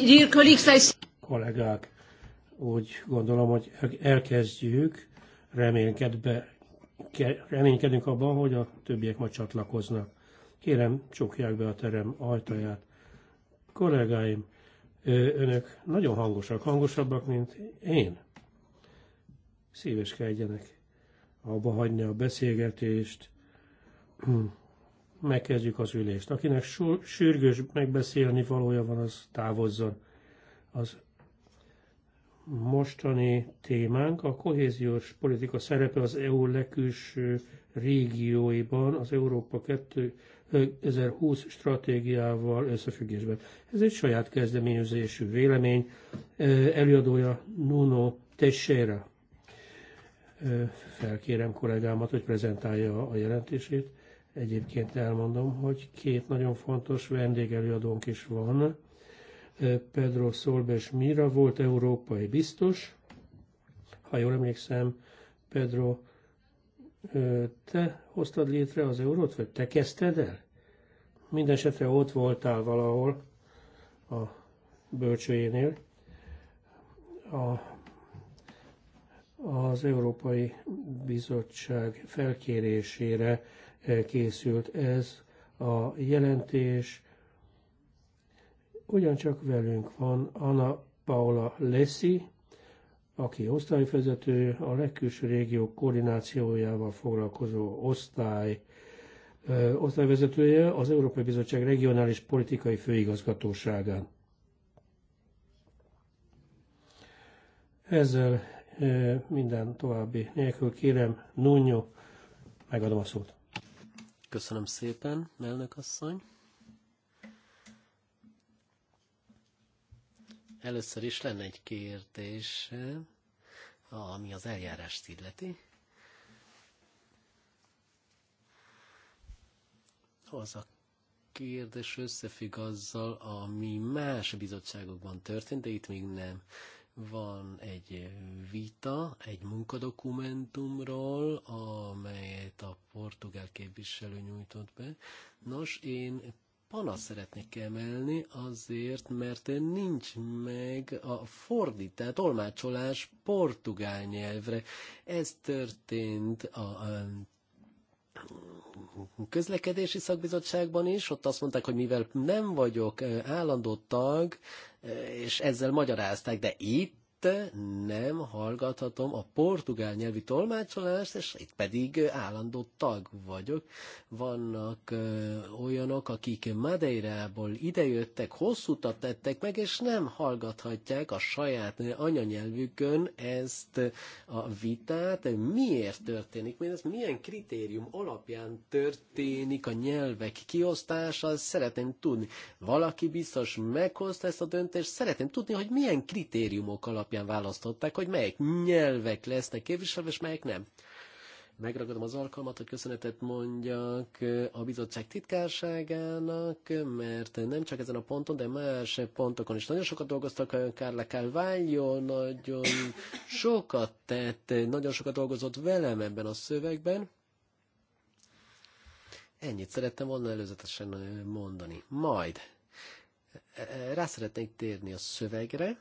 Dear colleagues, Kollégák, úgy gondolom, hogy elkezdjük, reménykedve, reménykedünk abban, hogy a többiek majd csatlakoznak. Kérem, csukják be a terem ajtaját. Kollégáim, önök nagyon hangosak, hangosabbak, mint én. Szíveskedjenek abba hagyni a beszélgetést. megkezdjük az ülést. Akinek sürgős megbeszélni valója van, az távozzon. Az mostani témánk a kohéziós politika szerepe az EU legkülső régióiban az Európa 2020 stratégiával összefüggésben. Ez egy saját kezdeményezésű vélemény, előadója Nuno Teixeira. Felkérem kollégámat, hogy prezentálja a jelentését. Egyébként elmondom, hogy két nagyon fontos vendégelőadónk is van. Pedro Szolbes Mira volt európai biztos. Ha jól emlékszem, Pedro, te hoztad létre az eurót, vagy te kezdted el? Mindenesetre ott voltál valahol a bölcsőjénél. A az Európai Bizottság felkérésére készült ez a jelentés. Ugyancsak velünk van Anna Paula Leszi, aki osztályvezető, a legkülső régió koordinációjával foglalkozó osztály osztályvezetője az Európai Bizottság regionális politikai főigazgatóságán. Ezzel minden további nélkül kérem, Nunyó, megadom a szót. Köszönöm szépen, elnök asszony. Először is lenne egy kérdés, ami az eljárást illeti. Az a kérdés összefügg azzal, ami más bizottságokban történt, de itt még nem van egy vita, egy munkadokumentumról, amelyet a portugál képviselő nyújtott be. Nos, én panasz szeretnék emelni azért, mert nincs meg a fordítás, tolmácsolás portugál nyelvre. Ez történt a, a közlekedési szakbizottságban is, ott azt mondták, hogy mivel nem vagyok állandó tag, és ezzel magyarázták, de itt nem hallgathatom a portugál nyelvi tolmácsolást, és itt pedig állandó tag vagyok. Vannak ö, olyanok, akik Madeirából idejöttek, hosszú utat tettek meg, és nem hallgathatják a saját anyanyelvükön ezt a vitát. Miért történik ez Milyen kritérium alapján történik a nyelvek kiosztása? Szeretném tudni. Valaki biztos meghozta ezt a döntést, szeretném tudni, hogy milyen kritériumok alapján alapján választották, hogy melyik nyelvek lesznek képviselve, és melyik nem. Megragadom az alkalmat, hogy köszönetet mondjak a bizottság titkárságának, mert nem csak ezen a ponton, de más pontokon is nagyon sokat dolgoztak, Kárla Kálványó nagyon sokat tett, nagyon sokat dolgozott velem ebben a szövegben. Ennyit szerettem volna előzetesen mondani. Majd rá szeretnék térni a szövegre,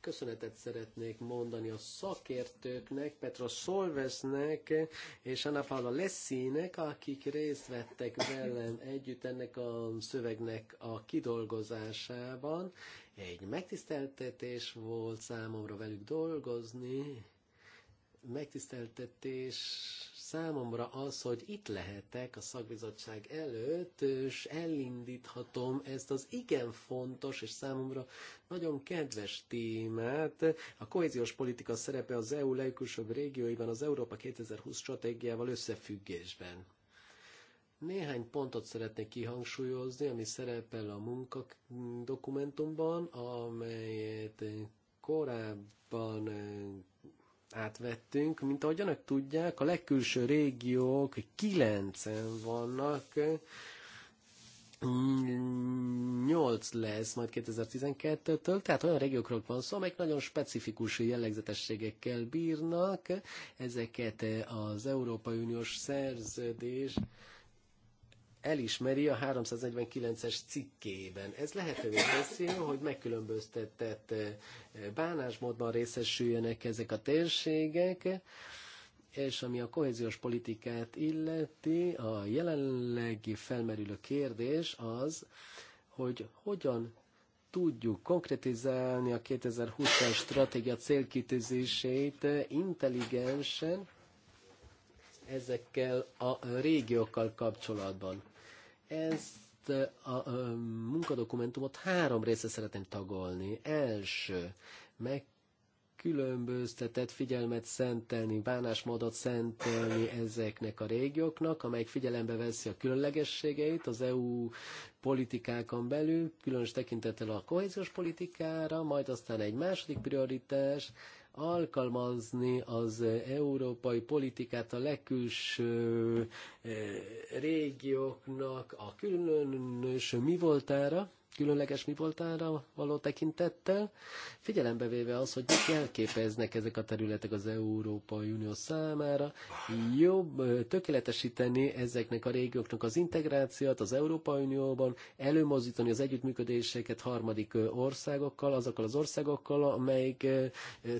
köszönetet szeretnék mondani a szakértőknek, Petra Solvesnek és Anna Paula Lessinek, akik részt vettek velem együtt ennek a szövegnek a kidolgozásában. Egy megtiszteltetés volt számomra velük dolgozni, megtiszteltetés számomra az, hogy itt lehetek a szakbizottság előtt, és elindíthatom ezt az igen fontos és számomra nagyon kedves témát. A kohéziós politika szerepe az EU legkülsőbb régióiban az Európa 2020 stratégiával összefüggésben. Néhány pontot szeretnék kihangsúlyozni, ami szerepel a munkadokumentumban, amelyet korábban átvettünk. Mint ahogy önök tudják, a legkülső régiók kilencen vannak, nyolc lesz majd 2012-től, tehát olyan régiókról van szó, amelyek nagyon specifikus jellegzetességekkel bírnak, ezeket az Európai Uniós szerződés elismeri a 349-es cikkében. Ez lehetővé teszi, hogy megkülönböztetett eh, bánásmódban részesüljenek ezek a térségek, és ami a kohéziós politikát illeti, a jelenlegi felmerülő kérdés az, hogy hogyan tudjuk konkretizálni a 2020-as stratégia célkitűzését intelligensen ezekkel a régiókkal kapcsolatban. Ezt a munkadokumentumot három része szeretném tagolni. Első, meg különböztetett figyelmet szentelni, bánásmódot szentelni ezeknek a régióknak, amelyik figyelembe veszi a különlegességeit az EU politikákon belül, különös tekintettel a kohéziós politikára, majd aztán egy második prioritás, alkalmazni az európai politikát a legkülső eh, régióknak a különös mi voltára, különleges mi voltára való tekintettel, figyelembe véve az, hogy mit jelképeznek ezek a területek az Európai Unió számára, jobb tökéletesíteni ezeknek a régióknak az integrációt az Európai Unióban, előmozdítani az együttműködéseket harmadik országokkal, azokkal az országokkal, amelyik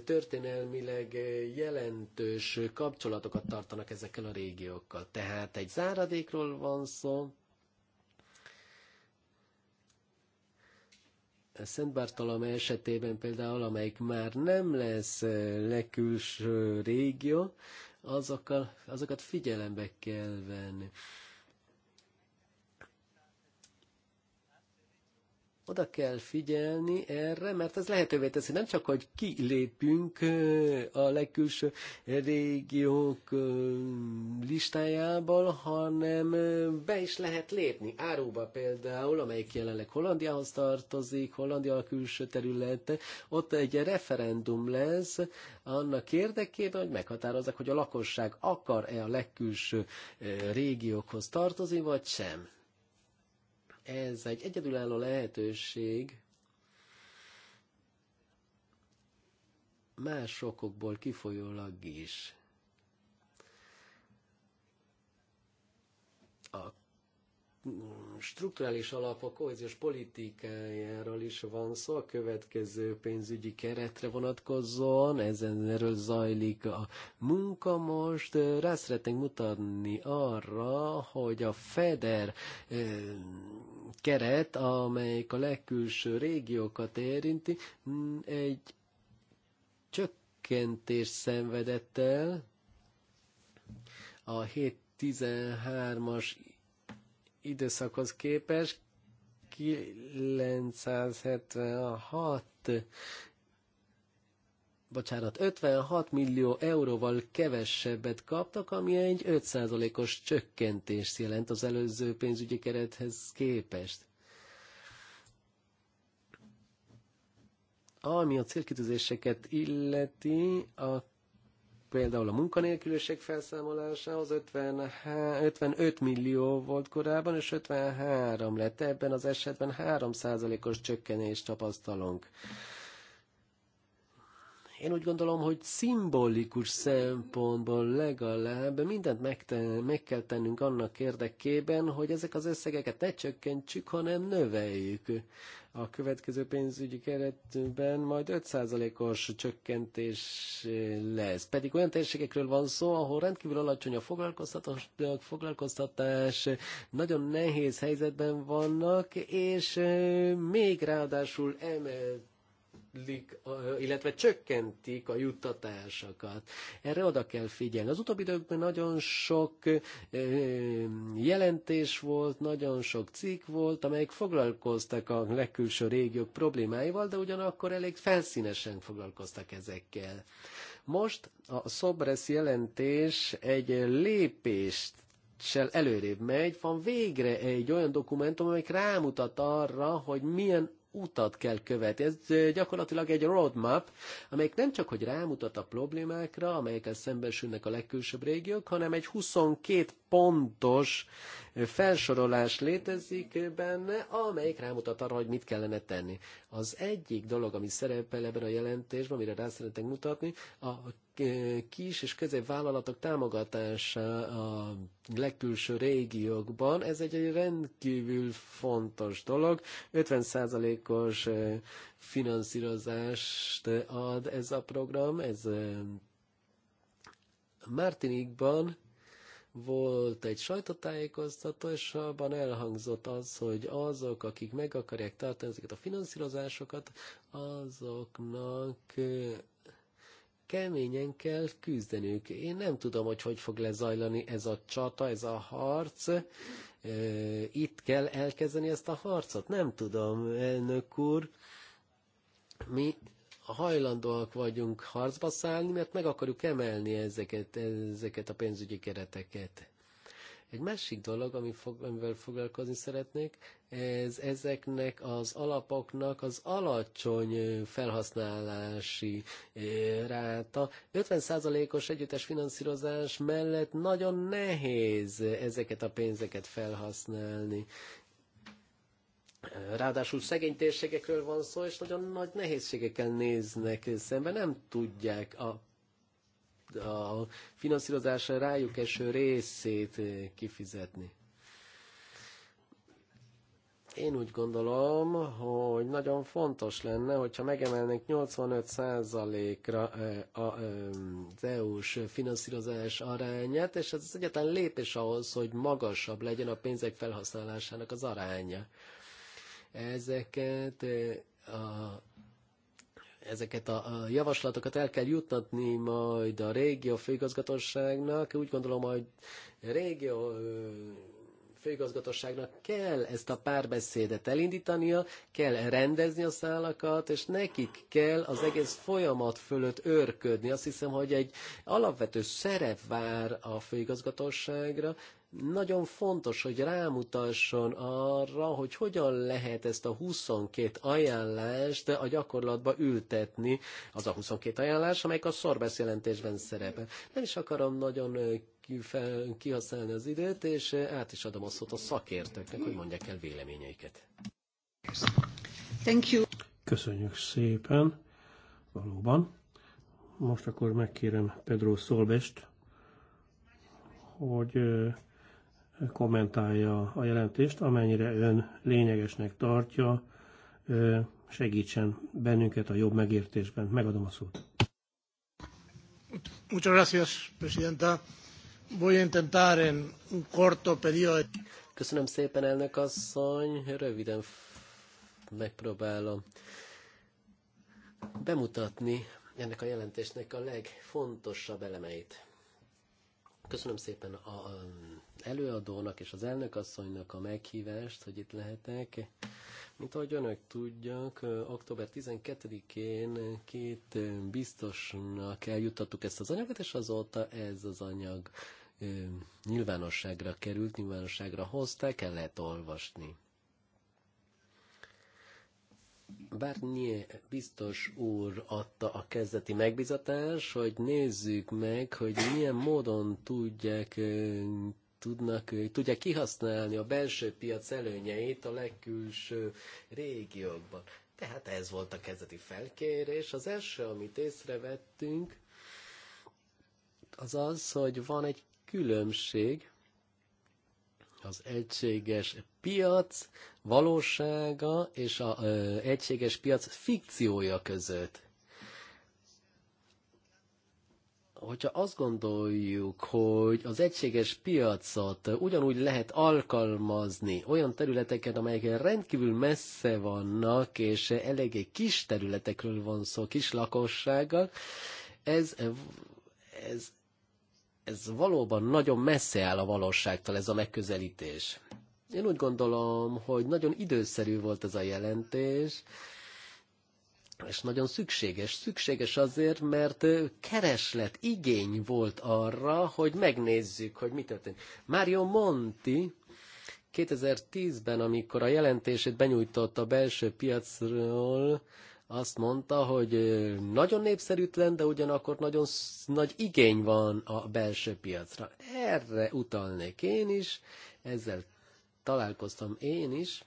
történelmileg jelentős kapcsolatokat tartanak ezekkel a régiókkal. Tehát egy záradékról van szó, Szent Bartolome esetében például, amelyik már nem lesz eh, legkülső régió, azokkal, azokat figyelembe kell venni. Oda kell figyelni erre, mert ez lehetővé teszi nem csak, hogy kilépünk a legkülső régiók listájából, hanem be is lehet lépni. Áróba például, amelyik jelenleg Hollandiához tartozik, Hollandia a külső területe, ott egy referendum lesz annak érdekében, hogy meghatározzák, hogy a lakosság akar-e a legkülső régiókhoz tartozni, vagy sem ez egy egyedülálló lehetőség más sokokból kifolyólag is. A strukturális a kohéziós politikájáról is van szó a következő pénzügyi keretre vonatkozóan, ezen erről zajlik a munka most. Rá szeretnénk mutatni arra, hogy a FEDER eh, keret, amelyik a legkülső régiókat érinti, mm, egy csökkentés szenvedett el a 7 13-as időszakhoz képest 976 bocsánat, 56 millió euróval kevesebbet kaptak, ami egy 5%-os csökkentést jelent az előző pénzügyi kerethez képest. Ami a célkitűzéseket illeti, a például a munkanélküliség felszámolásához 50, 55 millió volt korábban, és 53 lett. Ebben az esetben 3%-os csökkenést tapasztalunk. Én úgy gondolom, hogy szimbolikus szempontból legalább mindent megten, meg kell tennünk annak érdekében, hogy ezek az összegeket ne csökkentsük, hanem növeljük. A következő pénzügyi keretben majd 5%-os csökkentés lesz. Pedig olyan térségekről van szó, ahol rendkívül alacsony a foglalkoztatás, nagyon nehéz helyzetben vannak, és még ráadásul emelt illetve csökkentik a juttatásokat. Erre oda kell figyelni. Az utóbbi időkben nagyon sok jelentés volt, nagyon sok cikk volt, amelyek foglalkoztak a legkülső régiók problémáival, de ugyanakkor elég felszínesen foglalkoztak ezekkel. Most a Szobresz jelentés egy lépést előrébb megy, van végre egy olyan dokumentum, amely rámutat arra, hogy milyen utat kell követni. Ez gyakorlatilag egy roadmap, amelyik nem csak, hogy rámutat a problémákra, amelyekkel szembesülnek a legkülsőbb régiók, hanem egy 22 pontos felsorolás létezik benne, amelyik rámutat arra, hogy mit kellene tenni. Az egyik dolog, ami szerepel ebben a jelentésben, amire rá szeretnénk mutatni, a kis és középvállalatok támogatása a legkülső régiókban, ez egy rendkívül fontos dolog. 50%-os finanszírozást ad ez a program, ez Martinikban volt egy sajtótájékoztató, és abban elhangzott az, hogy azok, akik meg akarják tartani ezeket a finanszírozásokat, azoknak keményen kell küzdenünk. Én nem tudom, hogy hogy fog lezajlani ez a csata, ez a harc. Itt kell elkezdeni ezt a harcot? Nem tudom, elnök úr. Mi hajlandóak vagyunk harcba szállni, mert meg akarjuk emelni ezeket, ezeket a pénzügyi kereteket. Egy másik dolog, fog, amivel foglalkozni szeretnék, ez ezeknek az alapoknak az alacsony felhasználási ráta. 50%-os együttes finanszírozás mellett nagyon nehéz ezeket a pénzeket felhasználni. Ráadásul szegény térségekről van szó, és nagyon nagy nehézségekkel néznek szembe, nem tudják a a finanszírozása rájuk eső részét eh, kifizetni. Én úgy gondolom, hogy nagyon fontos lenne, hogyha megemelnék 85%-ra eh, eh, az EU-s finanszírozás arányát, és ez az egyetlen lépés ahhoz, hogy magasabb legyen a pénzek felhasználásának az aránya. Ezeket a ezeket a javaslatokat el kell juttatni majd a régió főigazgatóságnak. Úgy gondolom, hogy a régió főigazgatóságnak kell ezt a párbeszédet elindítania, kell rendezni a szálakat, és nekik kell az egész folyamat fölött őrködni. Azt hiszem, hogy egy alapvető szerep vár a főigazgatóságra, nagyon fontos, hogy rámutasson arra, hogy hogyan lehet ezt a 22 ajánlást a gyakorlatba ültetni, az a 22 ajánlás, amelyik a szorbesz jelentésben szerepel. Nem is akarom nagyon kihasználni az időt, és át is adom a szót a szakértőknek, hogy mondják el véleményeiket. Thank you. Köszönjük szépen, valóban. Most akkor megkérem Pedro Szolbest, hogy kommentálja a jelentést, amennyire ön lényegesnek tartja, segítsen bennünket a jobb megértésben. Megadom a szót. Muchas gracias, presidenta. Voy a intentar en un corto periodo. Köszönöm szépen, elnök asszony. Röviden megpróbálom bemutatni ennek a jelentésnek a legfontosabb elemeit. Köszönöm szépen a előadónak és az elnökasszonynak a meghívást, hogy itt lehetek. Mint ahogy önök tudják, október 12-én két biztosnak eljuttattuk ezt az anyagot, és azóta ez az anyag nyilvánosságra került, nyilvánosságra hozták, el lehet olvasni. Bárnyi biztos úr adta a kezdeti megbizatás, hogy nézzük meg, hogy milyen módon tudják tudnak, tudják kihasználni a belső piac előnyeit a legkülső régiókban. Tehát ez volt a kezdeti felkérés. Az első, amit észrevettünk, az az, hogy van egy különbség az egységes piac valósága és az egységes piac fikciója között. hogyha azt gondoljuk, hogy az egységes piacot ugyanúgy lehet alkalmazni olyan területeken, amelyek rendkívül messze vannak, és eléggé kis területekről van szó, kis lakossággal, ez, ez, ez valóban nagyon messze áll a valóságtól ez a megközelítés. Én úgy gondolom, hogy nagyon időszerű volt ez a jelentés, és nagyon szükséges. Szükséges azért, mert kereslet, igény volt arra, hogy megnézzük, hogy mi történt. Mário Monti 2010-ben, amikor a jelentését benyújtott a belső piacról, azt mondta, hogy nagyon népszerűtlen, de ugyanakkor nagyon nagy igény van a belső piacra. Erre utalnék én is, ezzel találkoztam én is,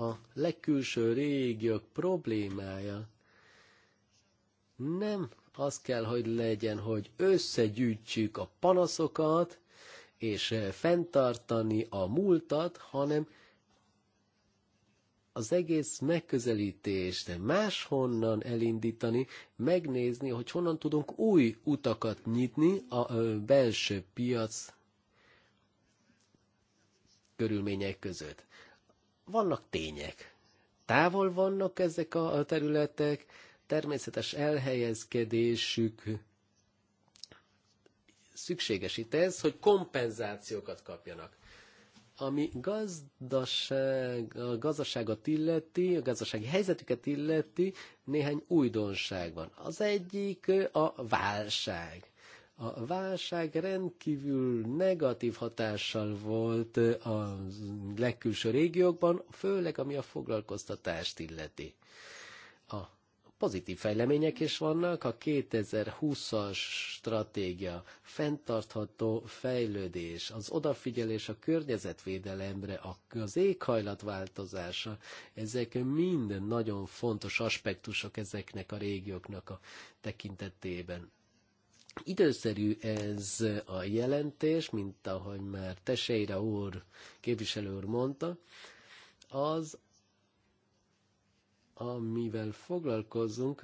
a legkülső régiak problémája nem az kell, hogy legyen, hogy összegyűjtsük a panaszokat, és eh, fenntartani a múltat, hanem az egész megközelítést máshonnan elindítani, megnézni, hogy honnan tudunk új utakat nyitni a belső piac körülmények között vannak tények. Távol vannak ezek a területek, természetes elhelyezkedésük szükségesít ez, hogy kompenzációkat kapjanak. Ami gazdaság, a gazdaságot illeti, a gazdasági helyzetüket illeti, néhány újdonság van. Az egyik a válság a válság rendkívül negatív hatással volt a legkülső régiókban, főleg ami a foglalkoztatást illeti. A pozitív fejlemények is vannak, a 2020-as stratégia, fenntartható fejlődés, az odafigyelés a környezetvédelemre, az éghajlatváltozása, ezek mind nagyon fontos aspektusok ezeknek a régióknak a tekintetében. Időszerű ez a jelentés, mint ahogy már Teseira úr, képviselő úr mondta, az, amivel foglalkozunk,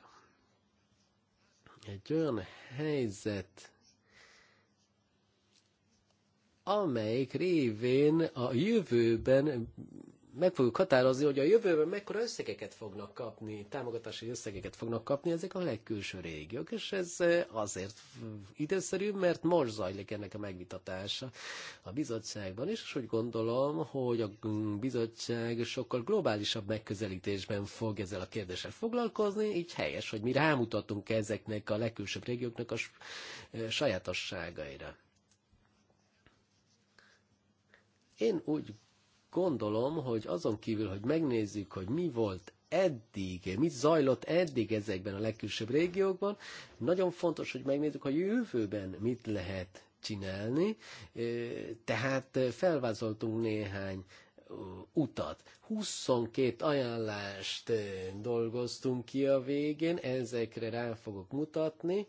egy olyan helyzet, amelyik révén a jövőben meg fogjuk határozni, hogy a jövőben mekkora összegeket fognak kapni, támogatási összegeket fognak kapni ezek a legkülső régiók, és ez azért időszerű, mert most zajlik ennek a megvitatása a bizottságban, és úgy gondolom, hogy a bizottság sokkal globálisabb megközelítésben fog ezzel a kérdéssel foglalkozni, így helyes, hogy mi rámutatunk ezeknek a legkülsőbb régióknak a sajátosságaira. Én úgy gondolom, hogy azon kívül, hogy megnézzük, hogy mi volt eddig, mit zajlott eddig ezekben a legkülsőbb régiókban, nagyon fontos, hogy megnézzük, hogy jövőben mit lehet csinálni. Tehát felvázoltunk néhány utat. 22 ajánlást dolgoztunk ki a végén, ezekre rá fogok mutatni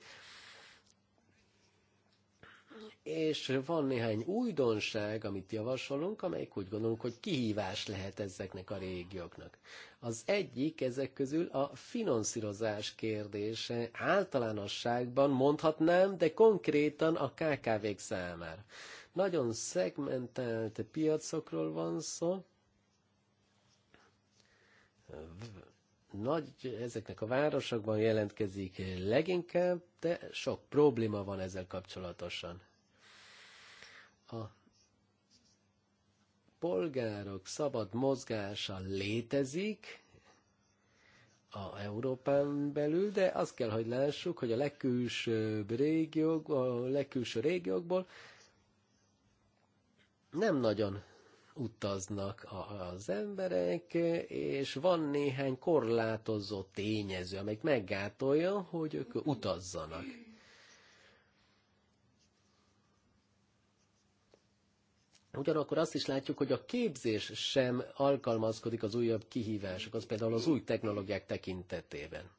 és van néhány újdonság, amit javasolunk, amelyik úgy gondolunk, hogy kihívás lehet ezeknek a régióknak. Az egyik ezek közül a finanszírozás kérdése általánosságban mondhatnám, de konkrétan a KKV-k számára. Nagyon szegmentált piacokról van szó, nagy, ezeknek a városokban jelentkezik leginkább, de sok probléma van ezzel kapcsolatosan a polgárok szabad mozgása létezik, a Európán belül, de azt kell, hogy lássuk, hogy a legkülsőbb régiók, a legkülső régiókból nem nagyon utaznak az emberek, és van néhány korlátozó tényező, amelyik meggátolja, hogy ők utazzanak. Ugyanakkor azt is látjuk, hogy a képzés sem alkalmazkodik az újabb kihívásokhoz, például az új technológiák tekintetében.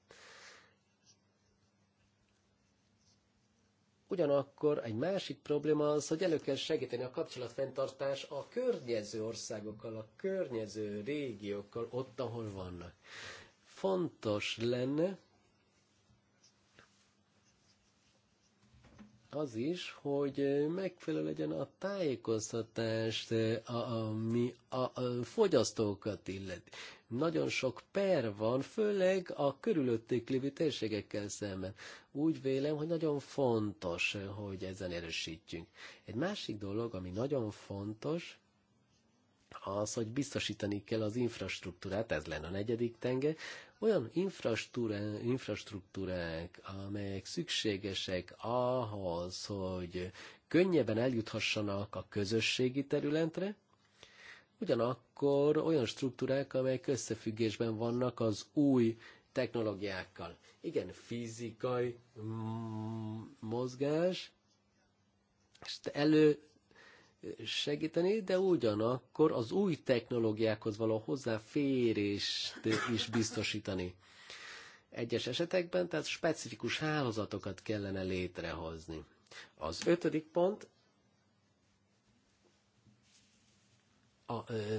Ugyanakkor egy másik probléma az, hogy elő kell segíteni a kapcsolatfenntartás a környező országokkal, a környező régiókkal, ott, ahol vannak. Fontos lenne, az is, hogy megfelelő legyen a tájékoztatást, ami e, a, a, a fogyasztókat illeti. Nagyon sok per van, főleg a körülöttük lévő térségekkel szemben. Úgy vélem, hogy nagyon fontos, e, hogy ezen erősítjünk. Egy másik dolog, ami nagyon fontos, az, hogy biztosítani kell az infrastruktúrát, ez lenne a negyedik tenge, olyan infrastruktúrák, amelyek szükségesek ahhoz, hogy könnyebben eljuthassanak a közösségi területre, ugyanakkor olyan struktúrák, amelyek összefüggésben vannak az új technológiákkal. Igen, fizikai mozgás, és elő segíteni, de ugyanakkor az új technológiákhoz való hozzáférést is biztosítani. Egyes esetekben tehát specifikus hálózatokat kellene létrehozni. Az ötödik pont a ö,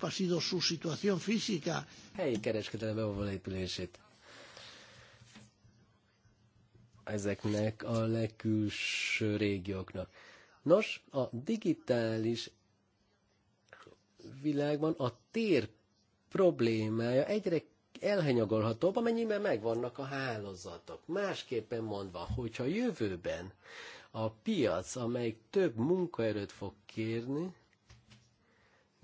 ha sido su situación física. Helyi kereskedelem ezeknek a legkülső régióknak. Nos, a digitális világban a tér problémája egyre elhanyagolhatóbb, amennyiben megvannak a hálózatok. Másképpen mondva, hogyha jövőben a piac, amelyik több munkaerőt fog kérni,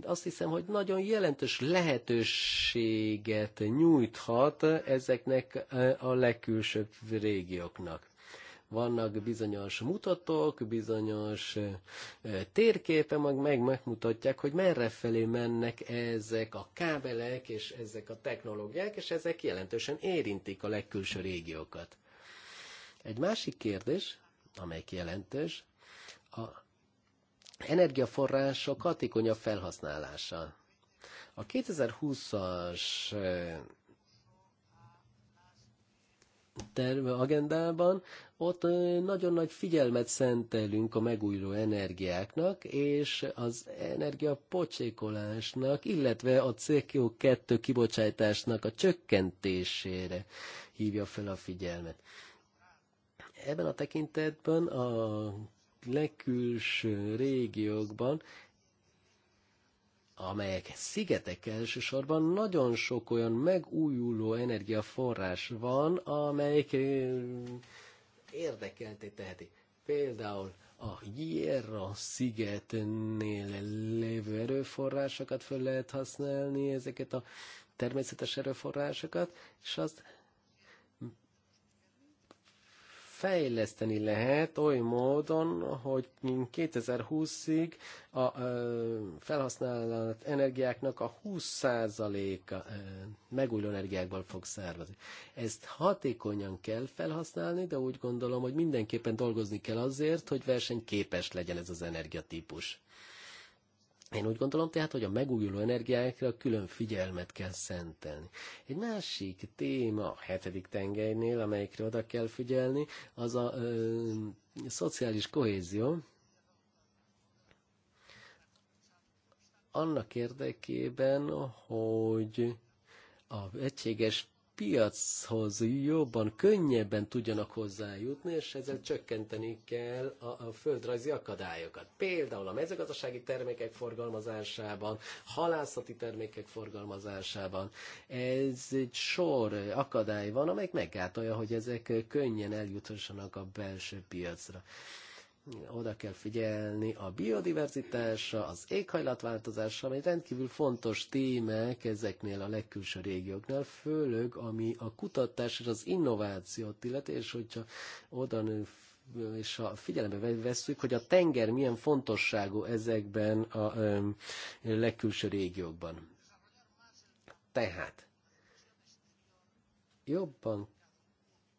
azt hiszem, hogy nagyon jelentős lehetőséget nyújthat ezeknek eh, a legkülsőbb régióknak. Vannak bizonyos mutatók, bizonyos eh, térképe, meg, meg megmutatják, hogy merre felé mennek ezek a kábelek és ezek a technológiák, és ezek jelentősen érintik a legkülső régiókat. Egy másik kérdés, amely jelentős, a energiaforrások hatékonyabb felhasználása. A 2020-as terve agendában, ott nagyon nagy figyelmet szentelünk a megújuló energiáknak és az energiapocsékolásnak, illetve a CO2 kibocsátásnak a csökkentésére hívja fel a figyelmet. Ebben a tekintetben a legkülső régiókban, amelyek szigetek elsősorban, nagyon sok olyan megújuló energiaforrás van, amelyik érdekelté teheti. Például a Hierra szigetnél lévő erőforrásokat föl lehet használni, ezeket a természetes erőforrásokat, és azt fejleszteni lehet oly módon, hogy 2020-ig a felhasználat energiáknak a 20%-a megújuló energiákból fog származni. Ezt hatékonyan kell felhasználni, de úgy gondolom, hogy mindenképpen dolgozni kell azért, hogy versenyképes legyen ez az energiatípus. Én úgy gondolom tehát, hogy a megújuló energiákra külön figyelmet kell szentelni. Egy másik téma a hetedik tengelynél, amelyikre oda kell figyelni, az a ö, szociális kohézió. Annak érdekében, hogy a egységes piachoz jobban, könnyebben tudjanak hozzájutni, és ezzel csökkenteni kell a, a földrajzi akadályokat. Például a mezőgazdasági termékek forgalmazásában, halászati termékek forgalmazásában. Ez egy sor akadály van, amelyik meggátolja, hogy ezek könnyen eljuthassanak a belső piacra oda kell figyelni a biodiverzitásra, az éghajlatváltozásra, ami rendkívül fontos témák ezeknél a legkülső régióknál, főleg ami a kutatás és az innovációt illeti, és hogyha oda és ha figyelembe vesszük, hogy a tenger milyen fontosságú ezekben a ö, legkülső régiókban. Tehát jobban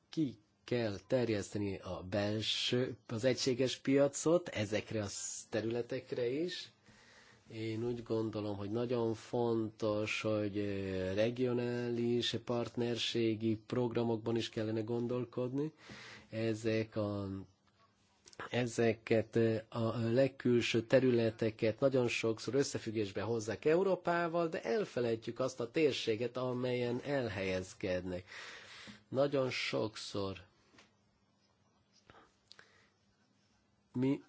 ki kell terjeszteni a belső, az egységes piacot ezekre a területekre is. Én úgy gondolom, hogy nagyon fontos, hogy regionális partnerségi programokban is kellene gondolkodni. Ezek a ezeket a legkülső területeket nagyon sokszor összefüggésbe hozzák Európával, de elfelejtjük azt a térséget, amelyen elhelyezkednek. Nagyon sokszor mi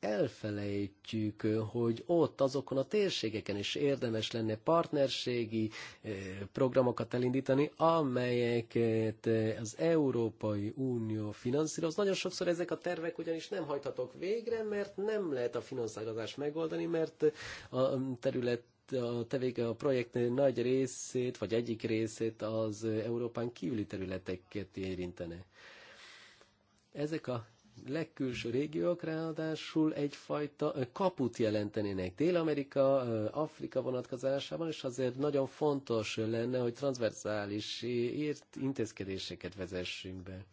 elfelejtjük, hogy ott azokon a térségeken is érdemes lenne partnerségi eh, programokat elindítani, amelyeket eh, az Európai Unió finanszíroz. Nagyon sokszor ezek a tervek ugyanis nem hajthatók végre, mert nem lehet a finanszírozást megoldani, mert a terület a tevéke a projekt nagy részét, vagy egyik részét az Európán kívüli területeket érintene. Ezek a legkülső régiók ráadásul egyfajta kaput jelentenének Dél-Amerika, Afrika vonatkozásában, és azért nagyon fontos lenne, hogy transzverzális intézkedéseket vezessünk be.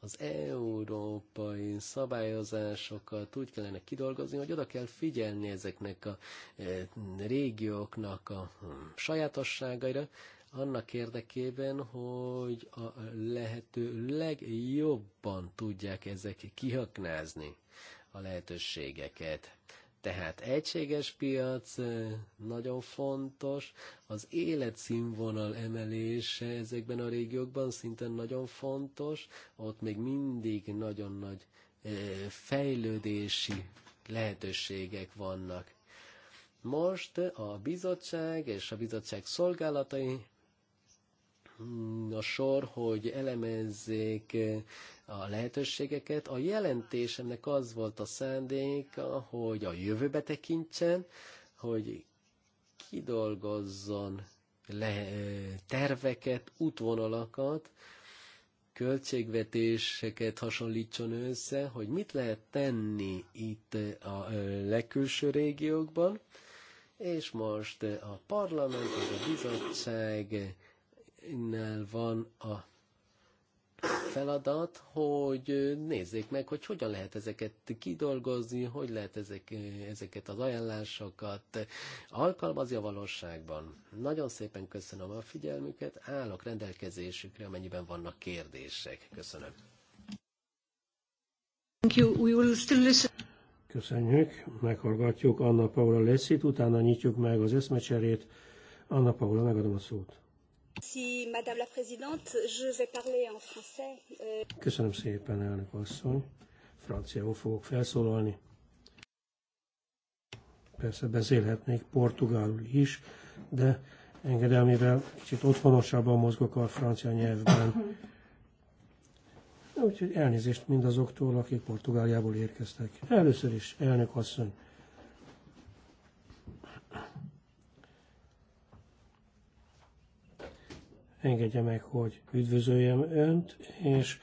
Az európai szabályozásokat úgy kellene kidolgozni, hogy oda kell figyelni ezeknek a régióknak a hm, sajátosságaira, annak érdekében, hogy a lehető legjobban tudják ezek kihaknázni a lehetőségeket. Tehát egységes piac nagyon fontos, az életszínvonal emelése ezekben a régiókban szintén nagyon fontos, ott még mindig nagyon nagy fejlődési lehetőségek vannak. Most a bizottság és a bizottság szolgálatai a sor, hogy elemezzék eh, a lehetőségeket. A jelentésemnek az volt a szándéka, hogy a jövőbe tekintsen, hogy kidolgozzon le, eh, terveket, útvonalakat, költségvetéseket hasonlítson össze, hogy mit lehet tenni itt eh, a legkülső régiókban, és most a parlament és a bizottság innel van a feladat, hogy nézzék meg, hogy hogyan lehet ezeket kidolgozni, hogy lehet ezek, ezeket az ajánlásokat alkalmazni a valóságban. Nagyon szépen köszönöm a figyelmüket, állok rendelkezésükre, amennyiben vannak kérdések. Köszönöm. Köszönjük, meghallgatjuk Anna Paula Leszit, utána nyitjuk meg az eszmecserét. Anna Paula, megadom a szót. Köszönöm szépen, elnök asszony. Franciául fogok felszólalni. Persze beszélhetnék portugálul is, de engedelmével kicsit otthonosabban mozgok a francia nyelvben. Úgyhogy elnézést mindazoktól, akik Portugáliából érkeztek. Először is, elnök asszony, Engedje meg, hogy üdvözöljem Önt, és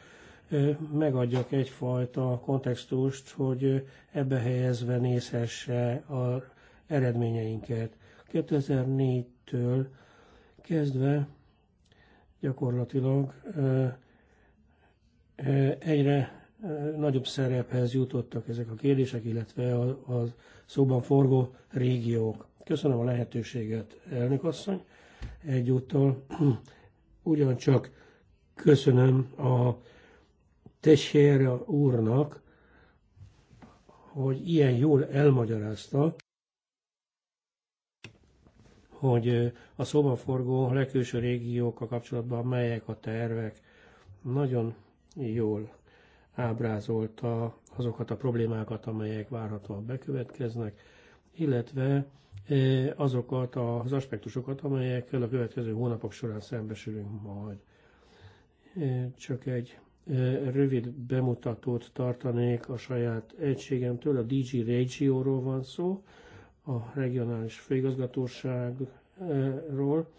megadjak egyfajta kontextust, hogy ebbe helyezve nézhesse az eredményeinket. 2004-től kezdve gyakorlatilag egyre nagyobb szerephez jutottak ezek a kérdések, illetve a, szóban forgó régiók. Köszönöm a lehetőséget, elnök asszony. Egyúttal ugyancsak köszönöm a Tessér úrnak, hogy ilyen jól elmagyarázta, hogy a szobaforgó legkülső régiókkal kapcsolatban melyek a tervek. Nagyon jól ábrázolta azokat a problémákat, amelyek várhatóan bekövetkeznek, illetve E, azokat az aspektusokat, amelyekkel a következő hónapok során szembesülünk majd. E, csak egy e, rövid bemutatót tartanék a saját egységemtől, a DG Regióról van szó, a regionális főigazgatóságról.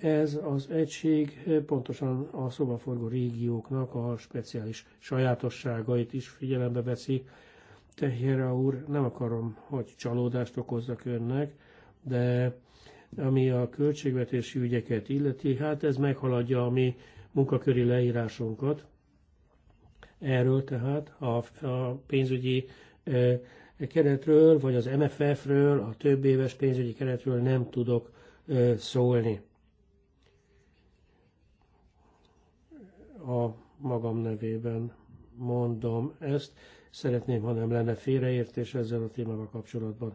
Ez az egység pontosan a szobaforgó régióknak a speciális sajátosságait is figyelembe veszi, Tehera úr, nem akarom, hogy csalódást okozzak önnek, de ami a költségvetési ügyeket illeti, hát ez meghaladja a mi munkaköri leírásunkat. Erről tehát a, a pénzügyi e, keretről, vagy az MFF-ről, a több éves pénzügyi keretről nem tudok e, szólni. A magam nevében mondom ezt. Szeretném, ha nem lenne félreértés ezzel a témával kapcsolatban.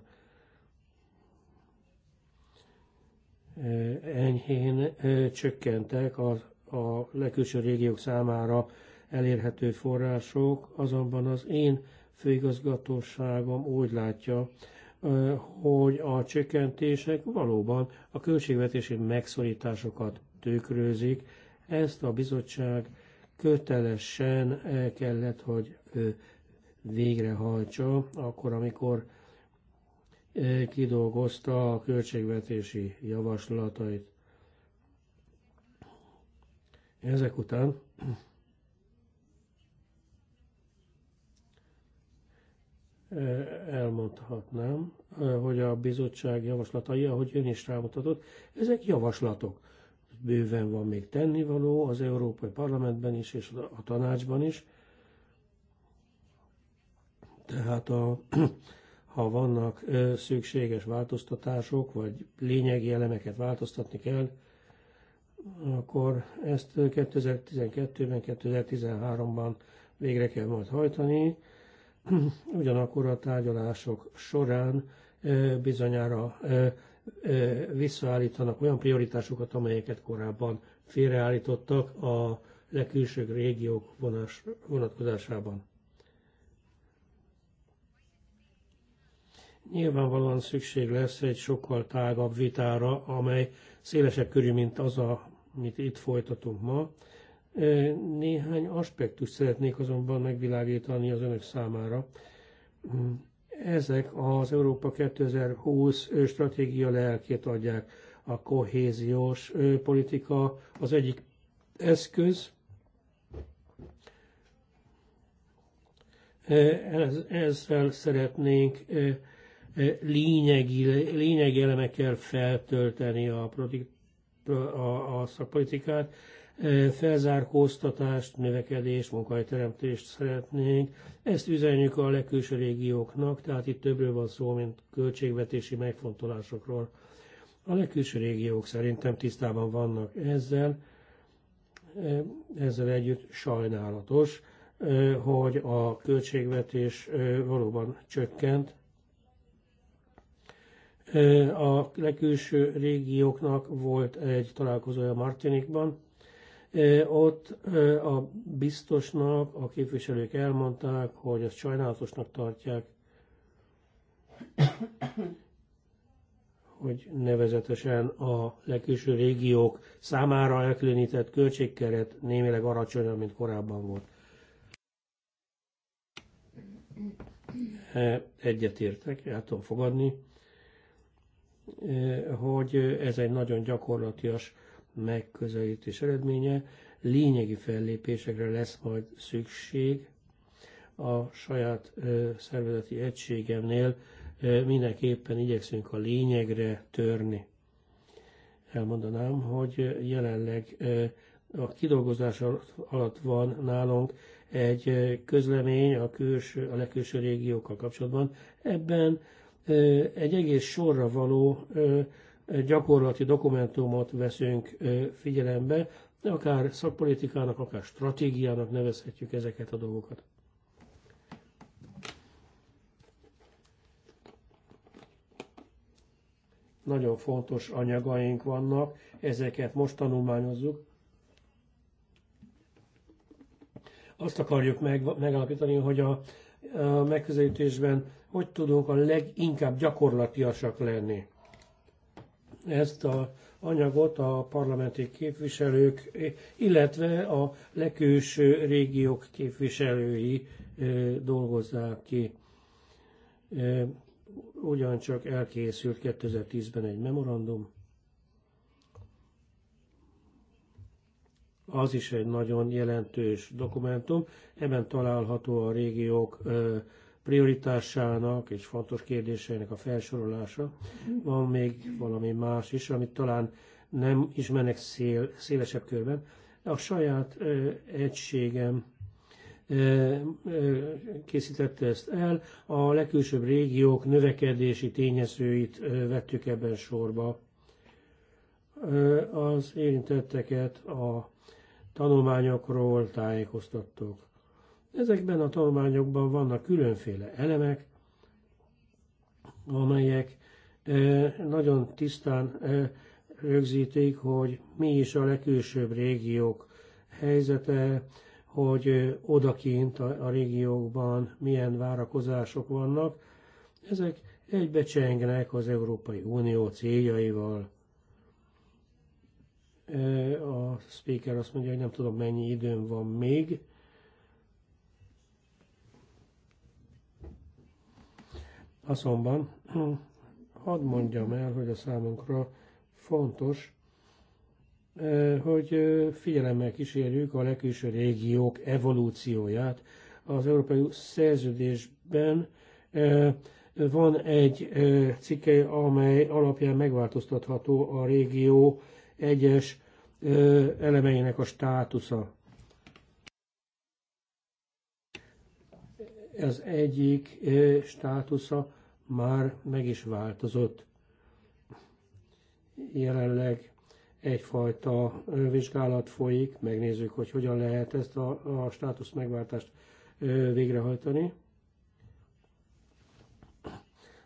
E, enyhén e, csökkentek a, a legkülső régiók számára elérhető források, azonban az én főigazgatóságom úgy látja, e, hogy a csökkentések valóban a költségvetési megszorításokat tükrözik. Ezt a bizottság kötelesen kellett, hogy végrehajtsa, akkor, amikor kidolgozta a költségvetési javaslatait. Ezek után elmondhatnám, hogy a bizottság javaslatai, ahogy ön is rámutatott, ezek javaslatok. Bőven van még tennivaló az Európai Parlamentben is és a tanácsban is. Tehát a, ha vannak szükséges változtatások, vagy lényegi elemeket változtatni kell, akkor ezt 2012-ben, 2013-ban végre kell majd hajtani. Ugyanakkor a tárgyalások során bizonyára visszaállítanak olyan prioritásokat, amelyeket korábban félreállítottak a legkülsőbb régiók vonatkozásában. Nyilvánvalóan szükség lesz egy sokkal tágabb vitára, amely szélesebb körű, mint az, amit itt folytatunk ma. Néhány aspektust szeretnék azonban megvilágítani az önök számára. Hmm. Ezek az Európa 2020 stratégia lelkét adják. A kohéziós politika az egyik eszköz. Ezzel szeretnénk lényegi, lényegi elemekkel feltölteni a, produkt, a, a szakpolitikát, felzárkóztatást, növekedést, munkahelyteremtést szeretnénk. Ezt üzenjük a legkülső régióknak, tehát itt többről van szó, mint költségvetési megfontolásokról. A legkülső régiók szerintem tisztában vannak ezzel, ezzel együtt sajnálatos, hogy a költségvetés valóban csökkent, a legkülső régióknak volt egy találkozója Martinikban. Ott a biztosnak a képviselők elmondták, hogy ezt sajnálatosnak tartják, hogy nevezetesen a legkülső régiók számára elkülönített költségkeret némileg alacsonyabb, mint korábban volt. Egyetértek, el tudom fogadni hogy ez egy nagyon gyakorlatias megközelítés eredménye. Lényegi fellépésekre lesz majd szükség a saját szervezeti egységemnél. Mindenképpen igyekszünk a lényegre törni. Elmondanám, hogy jelenleg a kidolgozás alatt van nálunk egy közlemény a, külső, a legkülső régiókkal kapcsolatban. Ebben egy egész sorra való gyakorlati dokumentumot veszünk figyelembe, akár szakpolitikának, akár stratégiának nevezhetjük ezeket a dolgokat. Nagyon fontos anyagaink vannak, ezeket most tanulmányozzuk. Azt akarjuk meg, megállapítani, hogy a, a megközelítésben, hogy tudunk a leginkább gyakorlatiasak lenni. Ezt a anyagot a parlamenti képviselők, illetve a legkülső régiók képviselői dolgozzák ki. Ugyancsak elkészült 2010-ben egy memorandum, az is egy nagyon jelentős dokumentum. Ebben található a régiók prioritásának és fontos kérdéseinek a felsorolása. Van még valami más is, amit talán nem ismernek szél, szélesebb körben. A saját ö, egységem ö, ö, készítette ezt el, a legkülsőbb régiók növekedési tényezőit ö, vettük ebben sorba. Ö, az érintetteket a tanulmányokról tájékoztattok. Ezekben a tanulmányokban vannak különféle elemek, amelyek nagyon tisztán rögzítik, hogy mi is a legkülsőbb régiók helyzete, hogy odakint a régiókban milyen várakozások vannak. Ezek egybecsengnek az Európai Unió céljaival. A speaker azt mondja, hogy nem tudom mennyi időm van még. Azonban hadd mondjam el, hogy a számunkra fontos, hogy figyelemmel kísérjük a legkülső régiók evolúcióját. Az Európai Szerződésben van egy cikke, amely alapján megváltoztatható a régió egyes elemeinek a státusza. ez egyik státusza már meg is változott. Jelenleg egyfajta vizsgálat folyik, megnézzük, hogy hogyan lehet ezt a, a státusz megváltást végrehajtani.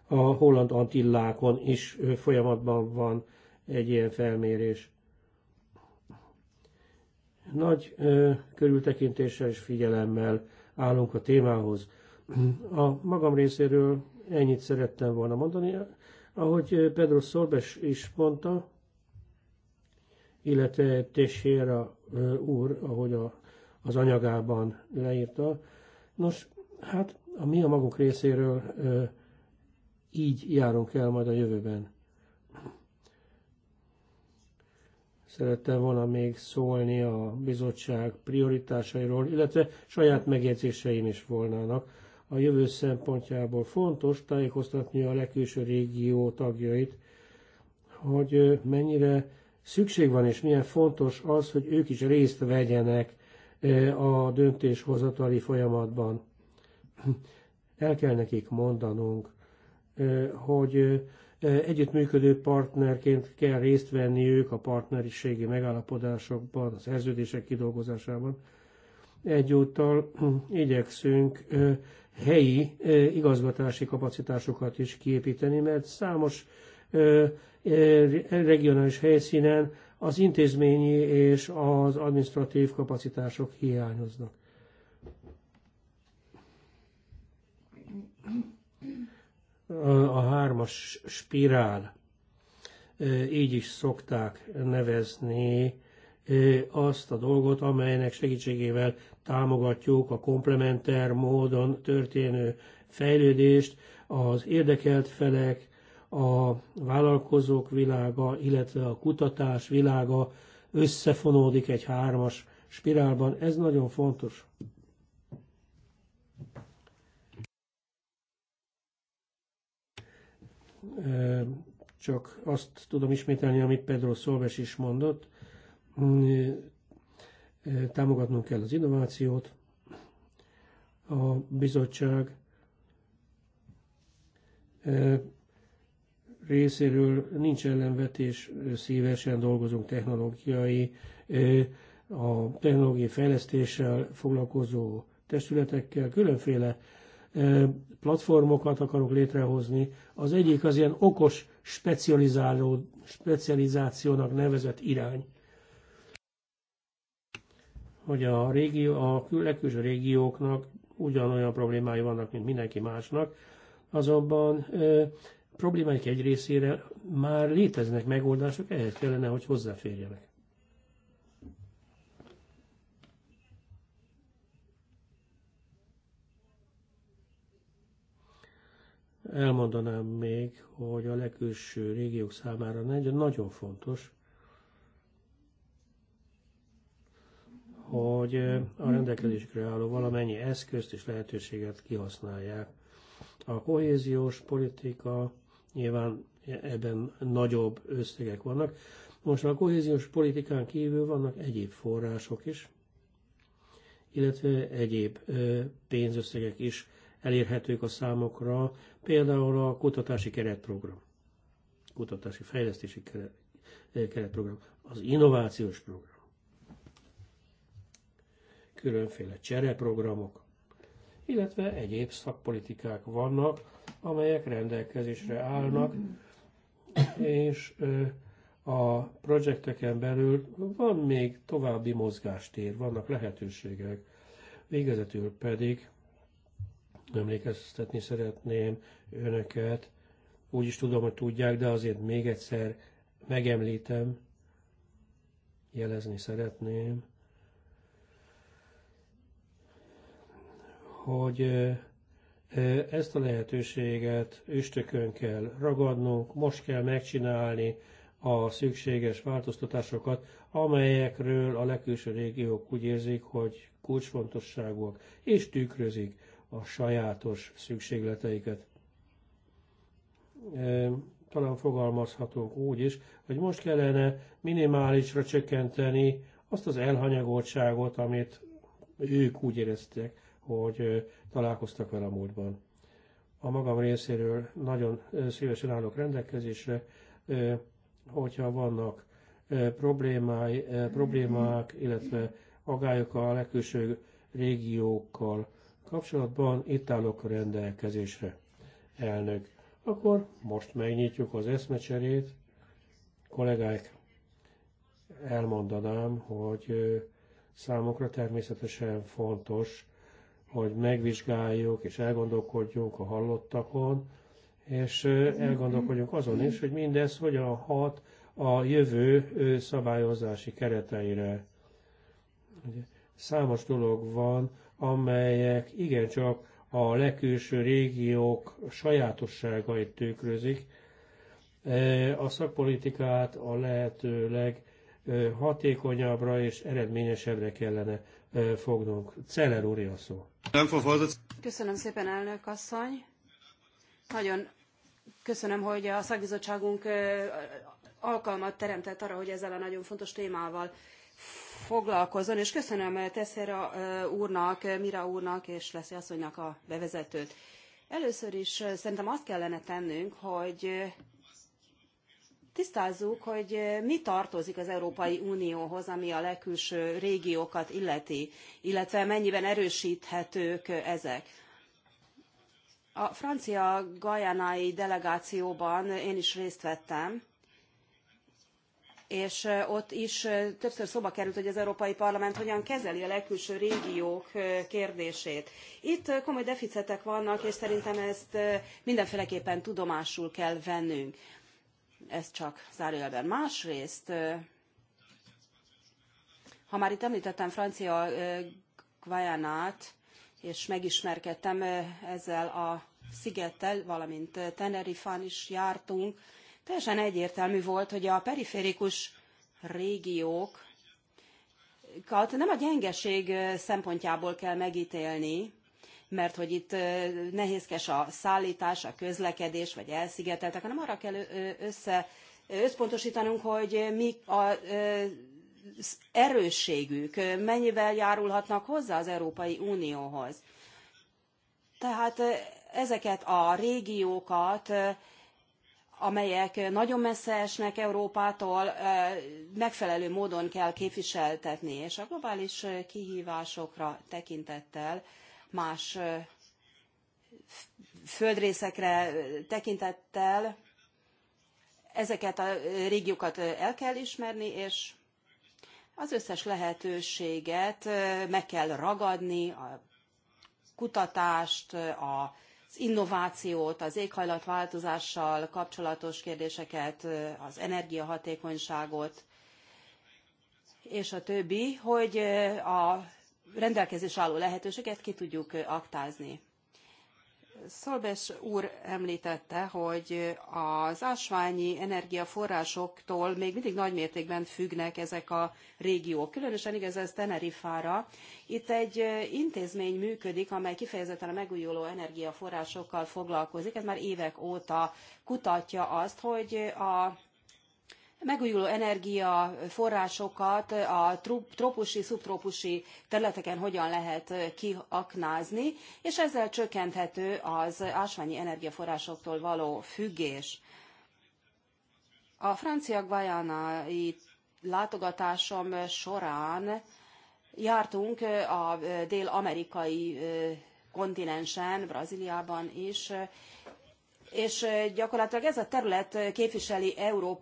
A holland antillákon is folyamatban van egy ilyen felmérés. Nagy ö, körültekintéssel és figyelemmel állunk a témához. A magam részéről ennyit szerettem volna mondani. Ahogy Pedro Szolbes is mondta, illetve Teixeira úr, ahogy a, az anyagában leírta. Nos, hát a mi a magunk részéről ö, így járunk el majd a jövőben. Szerettem volna még szólni a bizottság prioritásairól, illetve saját megjegyzéseim is volnának. A jövő szempontjából fontos tájékoztatni a legkülső régió tagjait, hogy mennyire szükség van és milyen fontos az, hogy ők is részt vegyenek a döntéshozatali folyamatban. El kell nekik mondanunk, hogy Együttműködő partnerként kell részt venni ők a partneriségi megállapodásokban, a szerződések kidolgozásában. Egyúttal igyekszünk helyi igazgatási kapacitásokat is kiépíteni, mert számos regionális helyszínen az intézményi és az administratív kapacitások hiányoznak. a hármas spirál, e, így is szokták nevezni e, azt a dolgot, amelynek segítségével támogatjuk a komplementer módon történő fejlődést, az érdekelt felek, a vállalkozók világa, illetve a kutatás világa összefonódik egy hármas spirálban. Ez nagyon fontos. csak azt tudom ismételni, amit Pedro Szolves is mondott, mm, támogatnunk kell az innovációt, a bizottság részéről nincs ellenvetés, szívesen dolgozunk technológiai, a technológiai fejlesztéssel foglalkozó testületekkel, különféle platformokat akarok létrehozni. Az egyik az ilyen okos specializáló, specializációnak nevezett irány hogy a, régió, a legkülső régióknak ugyanolyan problémái vannak, mint mindenki másnak, azonban ö, problémáik egy részére már léteznek megoldások, ehhez kellene, hogy hozzáférjenek. Elmondanám még, hogy a legkülső régiók számára nagyon fontos, hogy a rendelkezésükre álló valamennyi eszközt és lehetőséget kihasználják. A kohéziós politika nyilván ebben nagyobb összegek vannak. Most a kohéziós politikán kívül vannak egyéb források is, illetve egyéb pénzösszegek is elérhetők a számokra, például a kutatási keretprogram, kutatási fejlesztési eh, keretprogram, az innovációs program, különféle csereprogramok, illetve egyéb szakpolitikák vannak, amelyek rendelkezésre állnak, és eh, a projekteken belül van még további mozgástér, vannak lehetőségek. Végezetül pedig emlékeztetni szeretném önöket. Úgy is tudom, hogy tudják, de azért még egyszer megemlítem, jelezni szeretném, hogy ezt a lehetőséget üstökön kell ragadnunk, most kell megcsinálni a szükséges változtatásokat, amelyekről a legkülső régiók úgy érzik, hogy kulcsfontosságúak, és tükrözik a sajátos szükségleteiket. Talán fogalmazhatunk úgy is, hogy most kellene minimálisra csökkenteni azt az elhanyagoltságot, amit ők úgy éreztek, hogy találkoztak vele a múltban. A magam részéről nagyon szívesen állok rendelkezésre, hogyha vannak problémái, problémák, illetve agályok a legkülső régiókkal kapcsolatban itt állok a rendelkezésre. Elnök, akkor most megnyitjuk az eszmecserét. Kollégák, elmondanám, hogy számokra természetesen fontos, hogy megvizsgáljuk és elgondolkodjunk a hallottakon, és elgondolkodjunk azon is, hogy mindez hogyan hat a jövő szabályozási kereteire. Számos dolog van, amelyek igencsak a legkülső régiók sajátosságait tükrözik, e, a szakpolitikát a lehető leghatékonyabbra és eredményesebbre kellene e, fognunk. Celer úr, a szó. Köszönöm szépen, elnök asszony. Nagyon köszönöm, hogy a szakbizottságunk e, alkalmat teremtett arra, hogy ezzel a nagyon fontos témával foglalkozzon, és köszönöm eh, Teszera eh, úrnak, eh, Mira úrnak és Leszi asszonynak a bevezetőt. Először is szerintem azt kellene tennünk, hogy tisztázzuk, hogy mi tartozik az Európai Unióhoz, ami a legkülső régiókat illeti, illetve mennyiben erősíthetők ezek. A francia gajanai delegációban én is részt vettem, és ott is többször szóba került, hogy az Európai Parlament hogyan kezeli a legkülső régiók kérdését. Itt komoly deficitek vannak, és szerintem ezt mindenféleképpen tudomásul kell vennünk. Ez csak zárójelben. Másrészt, ha már itt említettem francia Guyanát, és megismerkedtem ezzel a szigettel, valamint Tenerifán is jártunk, teljesen egyértelmű volt, hogy a periférikus régiók nem a gyengeség szempontjából kell megítélni, mert hogy itt nehézkes a szállítás, a közlekedés, vagy elszigeteltek, hanem arra kell össze, összpontosítanunk, hogy mi a erősségük, mennyivel járulhatnak hozzá az Európai Unióhoz. Tehát ezeket a régiókat amelyek nagyon messze esnek Európától, megfelelő módon kell képviseltetni, és a globális kihívásokra tekintettel más földrészekre tekintettel ezeket a régiókat el kell ismerni, és az összes lehetőséget meg kell ragadni, a kutatást, a az innovációt, az éghajlatváltozással kapcsolatos kérdéseket, az energiahatékonyságot és a többi, hogy a rendelkezés álló lehetőséget ki tudjuk aktázni. Szolbes úr említette, hogy az ásványi energiaforrásoktól még mindig nagy mértékben függnek ezek a régiók. Különösen igaz ez Tenerifára. Itt egy intézmény működik, amely kifejezetten a megújuló energiaforrásokkal foglalkozik. Ez már évek óta kutatja azt, hogy a megújuló energiaforrásokat a trópusi, szubtrópusi területeken hogyan lehet kiaknázni, és ezzel csökkenthető az ásványi energiaforrásoktól való függés. A francia guajanai látogatásom során jártunk a dél-amerikai kontinensen, Brazíliában is, és gyakorlatilag ez a terület képviseli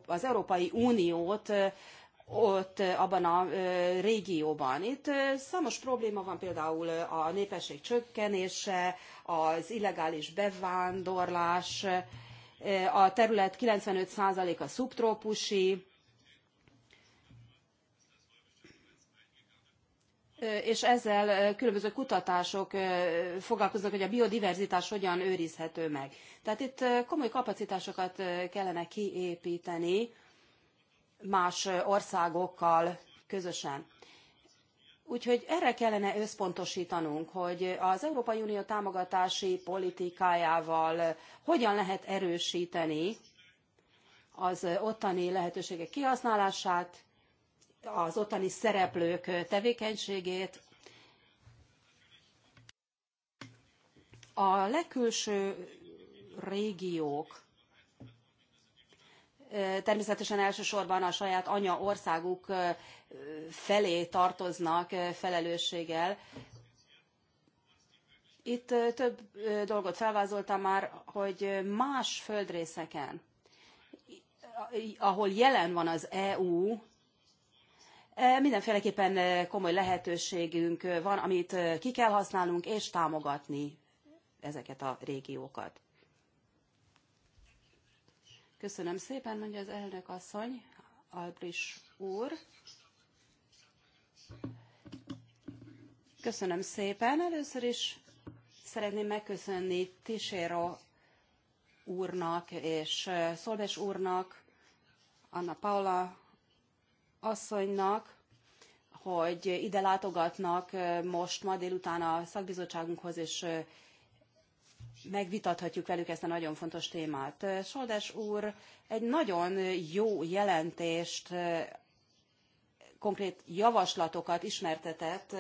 az Európai Uniót ott abban a régióban. Itt számos probléma van például a népesség csökkenése, az illegális bevándorlás, a terület 95%-a szubtrópusi, és ezzel különböző kutatások foglalkoznak, hogy a biodiverzitás hogyan őrizhető meg. Tehát itt komoly kapacitásokat kellene kiépíteni más országokkal közösen. Úgyhogy erre kellene összpontosítanunk, hogy az Európai Unió támogatási politikájával hogyan lehet erősíteni az ottani lehetőségek kihasználását, az ottani szereplők tevékenységét. A legkülső régiók természetesen elsősorban a saját anyaországuk felé tartoznak felelősséggel. Itt több dolgot felvázoltam már, hogy más földrészeken, ahol jelen van az EU, Mindenféleképpen komoly lehetőségünk van, amit ki kell használnunk, és támogatni ezeket a régiókat. Köszönöm szépen, mondja az elnök asszony, Albris úr. Köszönöm szépen. Először is szeretném megköszönni Tiséro úrnak és Szolves úrnak, Anna Paula asszonynak, hogy ide látogatnak most ma délután a szakbizottságunkhoz, és megvitathatjuk velük ezt a nagyon fontos témát. Soldes úr egy nagyon jó jelentést, konkrét javaslatokat ismertetett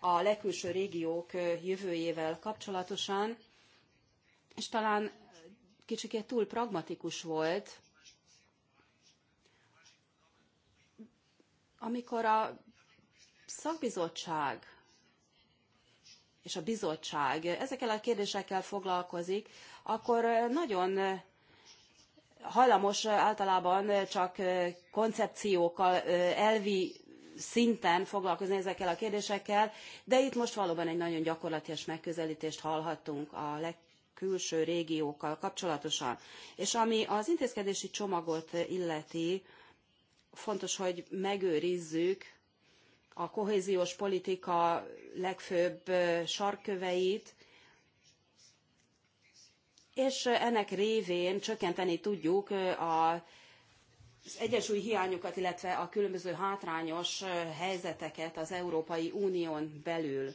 a legkülső régiók jövőjével kapcsolatosan, és talán kicsikét túl pragmatikus volt, Amikor a szakbizottság és a bizottság ezekkel a kérdésekkel foglalkozik, akkor nagyon hajlamos általában csak koncepciókkal, elvi szinten foglalkozni ezekkel a kérdésekkel, de itt most valóban egy nagyon gyakorlatias megközelítést hallhattunk a legkülső régiókkal kapcsolatosan. És ami az intézkedési csomagot illeti, fontos, hogy megőrizzük a kohéziós politika legfőbb sarköveit, és ennek révén csökkenteni tudjuk a az egyensúly hiányokat, illetve a különböző hátrányos helyzeteket az Európai Unión belül.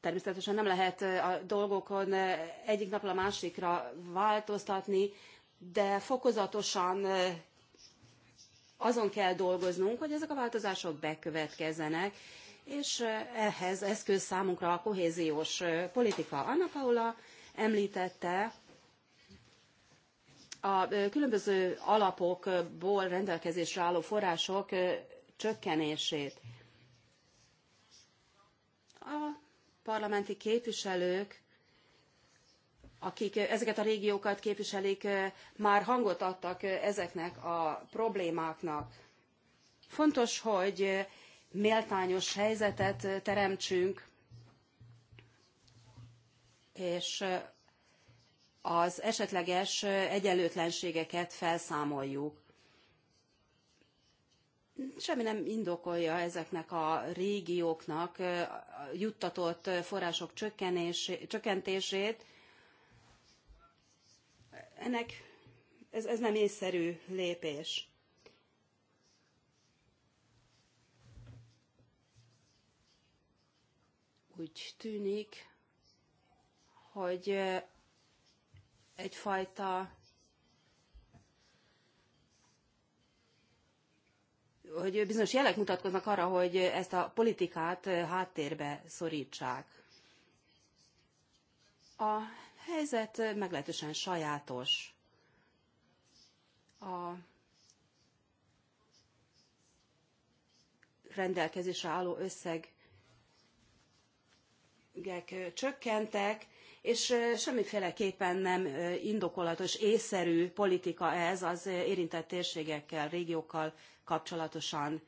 természetesen nem lehet a dolgokon egyik napról a másikra változtatni, de fokozatosan azon kell dolgoznunk, hogy ezek a változások bekövetkezzenek, és ehhez eszköz számunkra a kohéziós politika. Anna Paula említette, a különböző alapokból rendelkezésre álló források csökkenését. A parlamenti képviselők, akik ezeket a régiókat képviselik, már hangot adtak ezeknek a problémáknak. Fontos, hogy méltányos helyzetet teremtsünk, és az esetleges egyenlőtlenségeket felszámoljuk semmi nem indokolja ezeknek a régióknak juttatott források csökkenés, csökkentését. Ennek ez, ez nem észszerű lépés. Úgy tűnik, hogy egyfajta hogy bizonyos jelek mutatkoznak arra, hogy ezt a politikát eh, háttérbe szorítsák. A helyzet eh, meglehetősen sajátos. A rendelkezésre álló összegek eh, csökkentek, és semmiféleképpen nem indokolatos, észszerű politika ez az érintett térségekkel, régiókkal kapcsolatosan.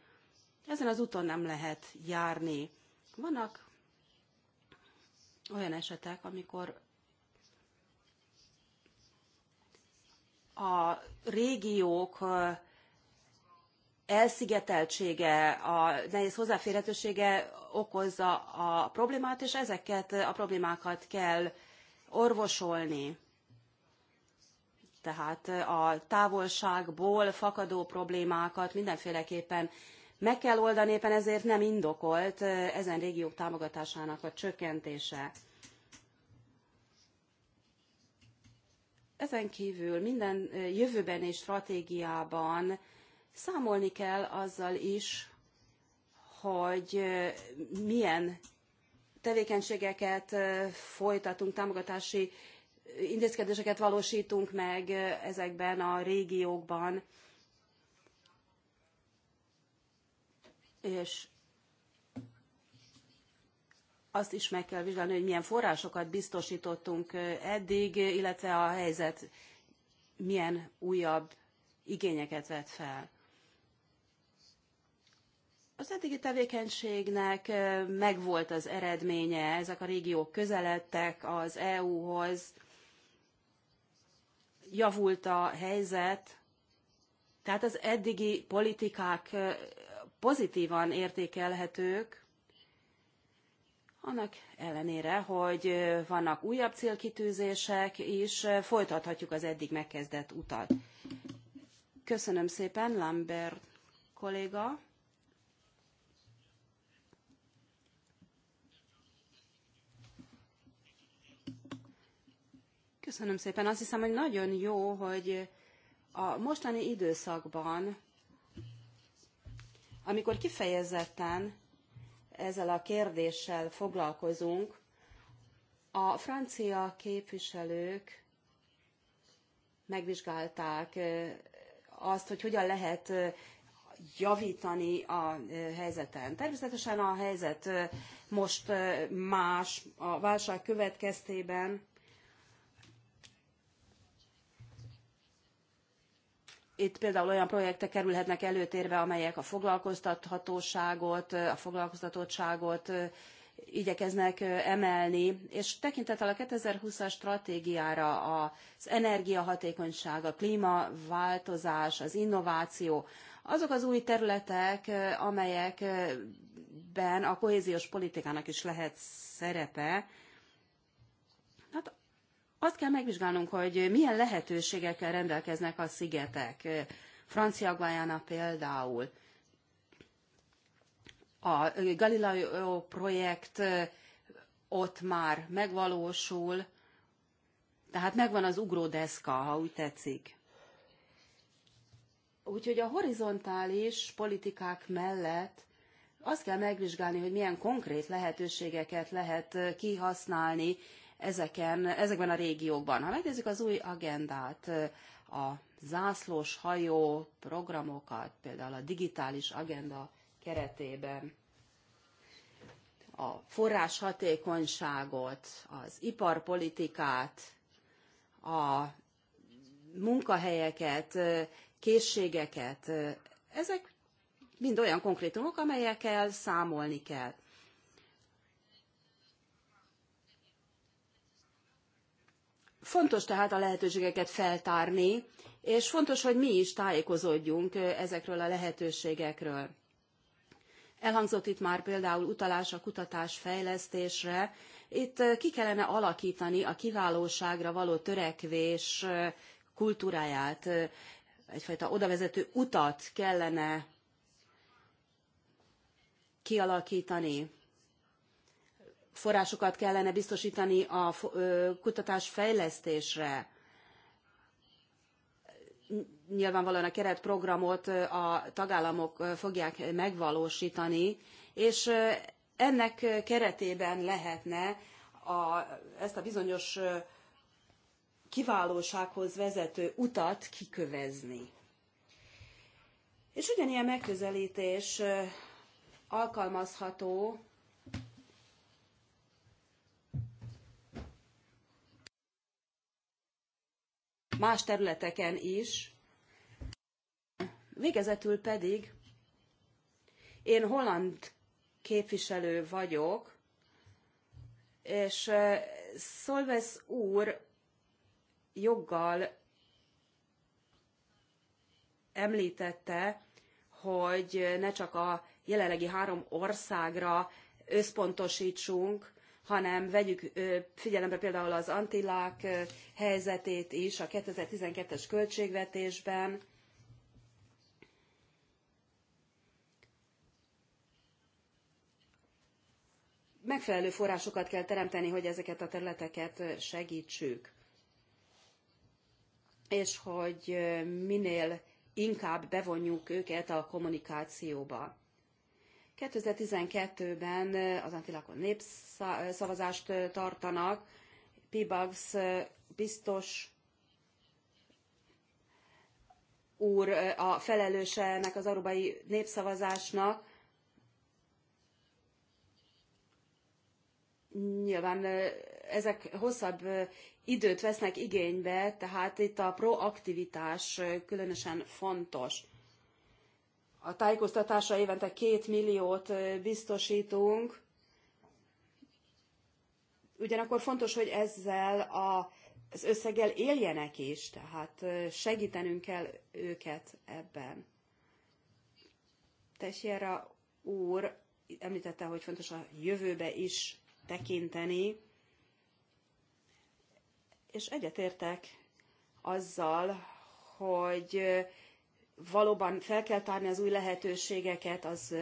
Ezen az úton nem lehet járni. Vannak olyan esetek, amikor a régiók elszigeteltsége, a nehéz hozzáférhetősége okozza a problémát, és ezeket a problémákat kell orvosolni. Tehát a távolságból fakadó problémákat mindenféleképpen meg kell oldani, éppen ezért nem indokolt ezen régiók támogatásának a csökkentése. Ezen kívül minden jövőbeni stratégiában számolni kell azzal is, hogy milyen tevékenységeket folytatunk támogatási intézkedéseket valósítunk meg ezekben a régiókban, és azt is meg kell vizsgálni, hogy milyen forrásokat biztosítottunk eddig, illetve a helyzet milyen újabb igényeket vet fel. Az eddigi tevékenységnek megvolt az eredménye, ezek a régiók közeledtek az EU-hoz, javult a helyzet, tehát az eddigi politikák pozitívan értékelhetők, annak ellenére, hogy vannak újabb célkitűzések, és folytathatjuk az eddig megkezdett utat. Köszönöm szépen, Lambert kolléga. Köszönöm szépen. Azt hiszem, hogy nagyon jó, hogy a mostani időszakban, amikor kifejezetten ezzel a kérdéssel foglalkozunk, a francia képviselők megvizsgálták eh, azt, hogy hogyan lehet eh, javítani a eh, helyzeten. Természetesen a helyzet most más a válság következtében, itt például olyan projektek kerülhetnek előtérbe, amelyek a foglalkoztathatóságot, a foglalkoztatottságot igyekeznek emelni, és tekintettel a 2020-as stratégiára az energiahatékonyság, a klímaváltozás, az innováció, azok az új területek, amelyekben a kohéziós politikának is lehet szerepe, hát azt kell megvizsgálnunk, hogy milyen lehetőségekkel rendelkeznek a szigetek. Francia Guayana például. A Galileo projekt ott már megvalósul, tehát megvan az ugródeszka, ha úgy tetszik. Úgyhogy a horizontális politikák mellett azt kell megvizsgálni, hogy milyen konkrét lehetőségeket lehet kihasználni ezeken, ezekben a régiókban. Ha megnézzük az új agendát, a zászlós hajó programokat, például a digitális agenda keretében, a forráshatékonyságot, az iparpolitikát, a munkahelyeket, készségeket, ezek mind olyan konkrétumok, amelyekkel számolni kell. Fontos tehát a lehetőségeket feltárni, és fontos, hogy mi is tájékozódjunk ezekről a lehetőségekről. Elhangzott itt már például utalás a kutatás fejlesztésre. Itt ki kellene alakítani a kiválóságra való törekvés kultúráját, egyfajta odavezető utat kellene kialakítani forrásokat kellene biztosítani a kutatás fejlesztésre. Nyilvánvalóan a keretprogramot a tagállamok fogják megvalósítani, és ennek keretében lehetne a, ezt a bizonyos kiválósághoz vezető utat kikövezni. És ugyanilyen megközelítés alkalmazható más területeken is. Végezetül pedig én holland képviselő vagyok, és Szolvesz úr joggal említette, hogy ne csak a jelenlegi három országra összpontosítsunk, hanem vegyük figyelembe például az antillák helyzetét is a 2012-es költségvetésben. Megfelelő forrásokat kell teremteni, hogy ezeket a területeket segítsük, és hogy minél inkább bevonjuk őket a kommunikációba. 2012-ben az Antilakon népszavazást tartanak, Pibags biztos úr a felelőse ennek az arubai népszavazásnak. Nyilván ezek hosszabb időt vesznek igénybe, tehát itt a proaktivitás különösen fontos a tájékoztatásra évente két milliót biztosítunk. Ugyanakkor fontos, hogy ezzel a, az összeggel éljenek is, tehát segítenünk kell őket ebben. Tessiera úr említette, hogy fontos a jövőbe is tekinteni, és egyetértek azzal, hogy valóban fel kell tárni az új lehetőségeket, az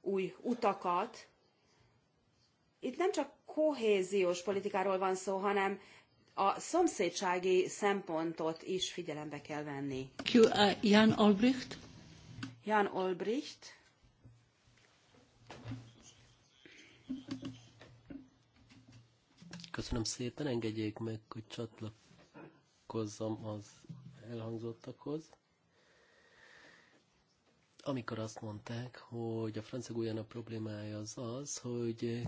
új utakat. Itt nem csak kohéziós politikáról van szó, hanem a szomszédsági szempontot is figyelembe kell venni. Uh, Jan Olbricht. Jan Olbricht. Köszönöm szépen, engedjék meg, hogy csatlakozzam az elhangzottakhoz. Amikor azt mondták, hogy a francia Guyana problémája az az, hogy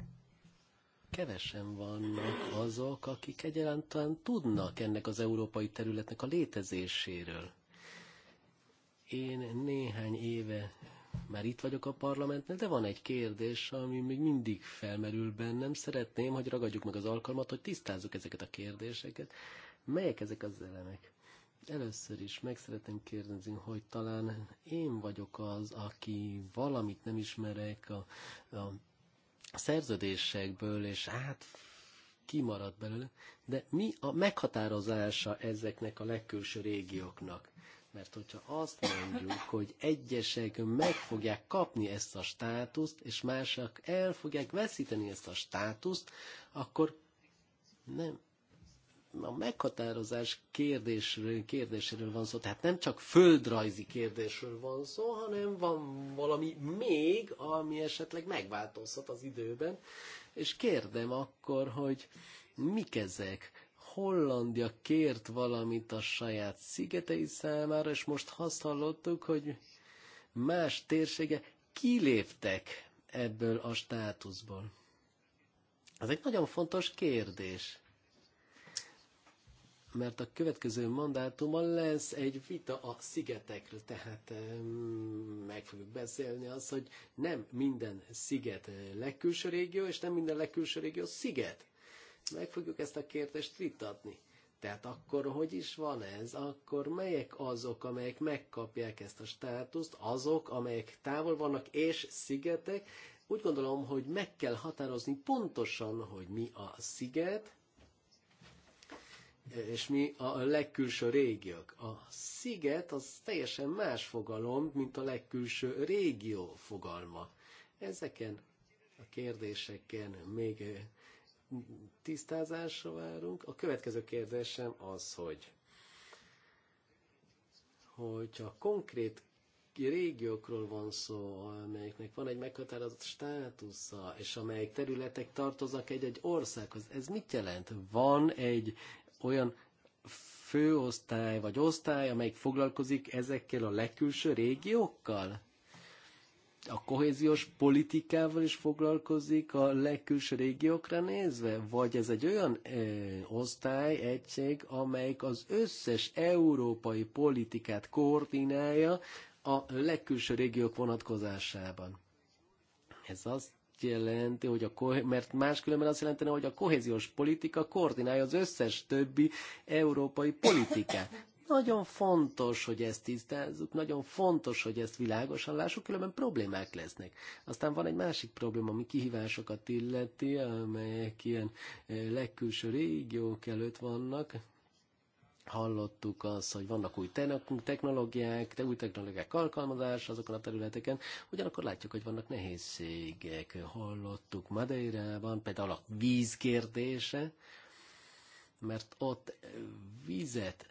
kevesen vannak azok, akik egyáltalán tudnak ennek az európai területnek a létezéséről. Én néhány éve már itt vagyok a parlamentnél, de van egy kérdés, ami még mindig felmerül bennem. Szeretném, hogy ragadjuk meg az alkalmat, hogy tisztázzuk ezeket a kérdéseket. Melyek ezek az elemek? Először is meg szeretném kérdezni, hogy talán én vagyok az, aki valamit nem ismerek a, a szerződésekből, és hát kimaradt belőle, de mi a meghatározása ezeknek a legkülső régióknak? Mert hogyha azt mondjuk, hogy egyesek meg fogják kapni ezt a státuszt, és mások el fogják veszíteni ezt a státuszt, akkor nem a meghatározás kérdésről, kérdéséről van szó, tehát nem csak földrajzi kérdésről van szó, hanem van valami még, ami esetleg megváltozhat az időben, és kérdem akkor, hogy mik ezek? Hollandia kért valamit a saját szigetei számára, és most azt hallottuk, hogy más térsége kiléptek ebből a státuszból. Ez egy nagyon fontos kérdés mert a következő mandátumon lesz egy vita a szigetekről, tehát meg fogjuk beszélni az, hogy nem minden sziget legkülső régió, és nem minden legkülső régió sziget. Meg fogjuk ezt a kérdést vitatni. Tehát akkor hogy is van ez? Akkor melyek azok, amelyek megkapják ezt a státuszt, azok, amelyek távol vannak és szigetek? Úgy gondolom, hogy meg kell határozni pontosan, hogy mi a sziget, és mi a legkülső régiók. A sziget az teljesen más fogalom, mint a legkülső régió fogalma. Ezeken a kérdéseken még tisztázásra várunk. A következő kérdésem az, hogy hogyha konkrét régiókról van szó, amelyeknek van egy meghatározott státusza, és amelyek területek tartoznak egy-egy országhoz. Ez mit jelent? Van egy olyan főosztály vagy osztály, amelyik foglalkozik ezekkel a legkülső régiókkal? A kohéziós politikával is foglalkozik a legkülső régiókra nézve? Vagy ez egy olyan ö, osztály, egység, amelyik az összes európai politikát koordinálja a legkülső régiók vonatkozásában? Ez azt jelenti, hogy a, mert máskülönben azt jelentene, hogy a kohéziós politika koordinálja az összes többi európai politikát. Nagyon fontos, hogy ezt tisztázzuk, nagyon fontos, hogy ezt világosan lássuk, különben problémák lesznek. Aztán van egy másik probléma, ami kihívásokat illeti, amelyek ilyen eh, legkülső régiók előtt vannak, hallottuk azt, hogy vannak új technológiák, de új technológiák alkalmazás azokon a területeken, ugyanakkor látjuk, hogy vannak nehézségek. Hallottuk Madeirában például a víz kérdése, mert ott vizet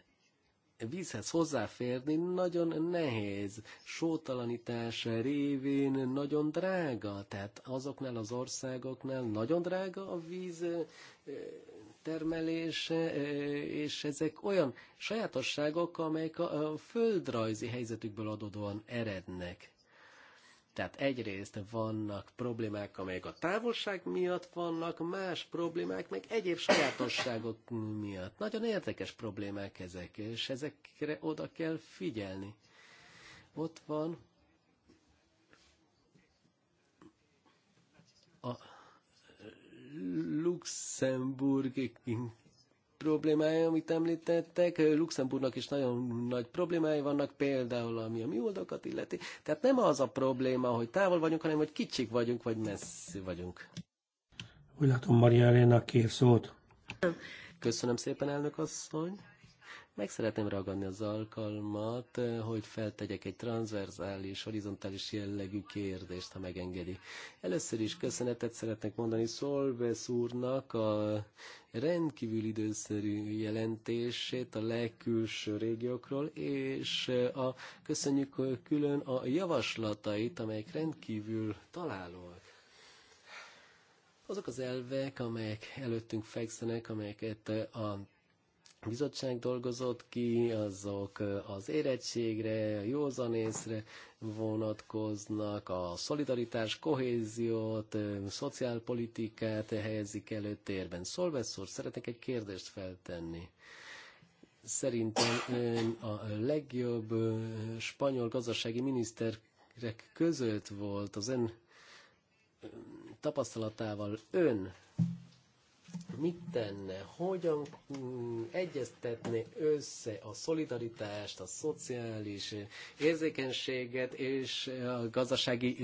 vízhez hozzáférni nagyon nehéz, sótalanítás révén nagyon drága, tehát azoknál az országoknál nagyon drága a víz termelése, és ezek olyan sajátosságok, amelyek a földrajzi helyzetükből adódóan erednek. Tehát egyrészt vannak problémák, amelyek a távolság miatt vannak, más problémák meg egyéb sajátosságok miatt. Nagyon érdekes problémák ezek, és ezekre oda kell figyelni. Ott van Luxemburg problémája, amit említettek. Luxemburgnak is nagyon nagy problémái vannak, például ami a mi oldakat illeti. Tehát nem az a probléma, hogy távol vagyunk, hanem hogy kicsik vagyunk, vagy messzi vagyunk. Úgy látom, Maria Elena kér szót. Köszönöm szépen, elnök asszony. Meg szeretném ragadni az alkalmat, eh, hogy feltegyek egy transzverzális, horizontális jellegű kérdést, ha megengedi. Először is köszönetet szeretnék mondani Szolvesz úrnak a rendkívül időszerű jelentését a legkülső régiókról, és eh, a, köszönjük eh, külön a javaslatait, amelyek rendkívül találóak azok az elvek, amelyek előttünk fekszenek, amelyeket a bizottság dolgozott ki, azok az érettségre, a józanészre vonatkoznak, a szolidaritás, kohéziót, szociálpolitikát helyezik előtérben. Szolvesz úr, szeretnék egy kérdést feltenni. Szerintem a legjobb spanyol gazdasági miniszterek között volt az ön tapasztalatával ön mit tenne, hogyan mm, egyeztetné össze a szolidaritást, a szociális érzékenységet és a gazdasági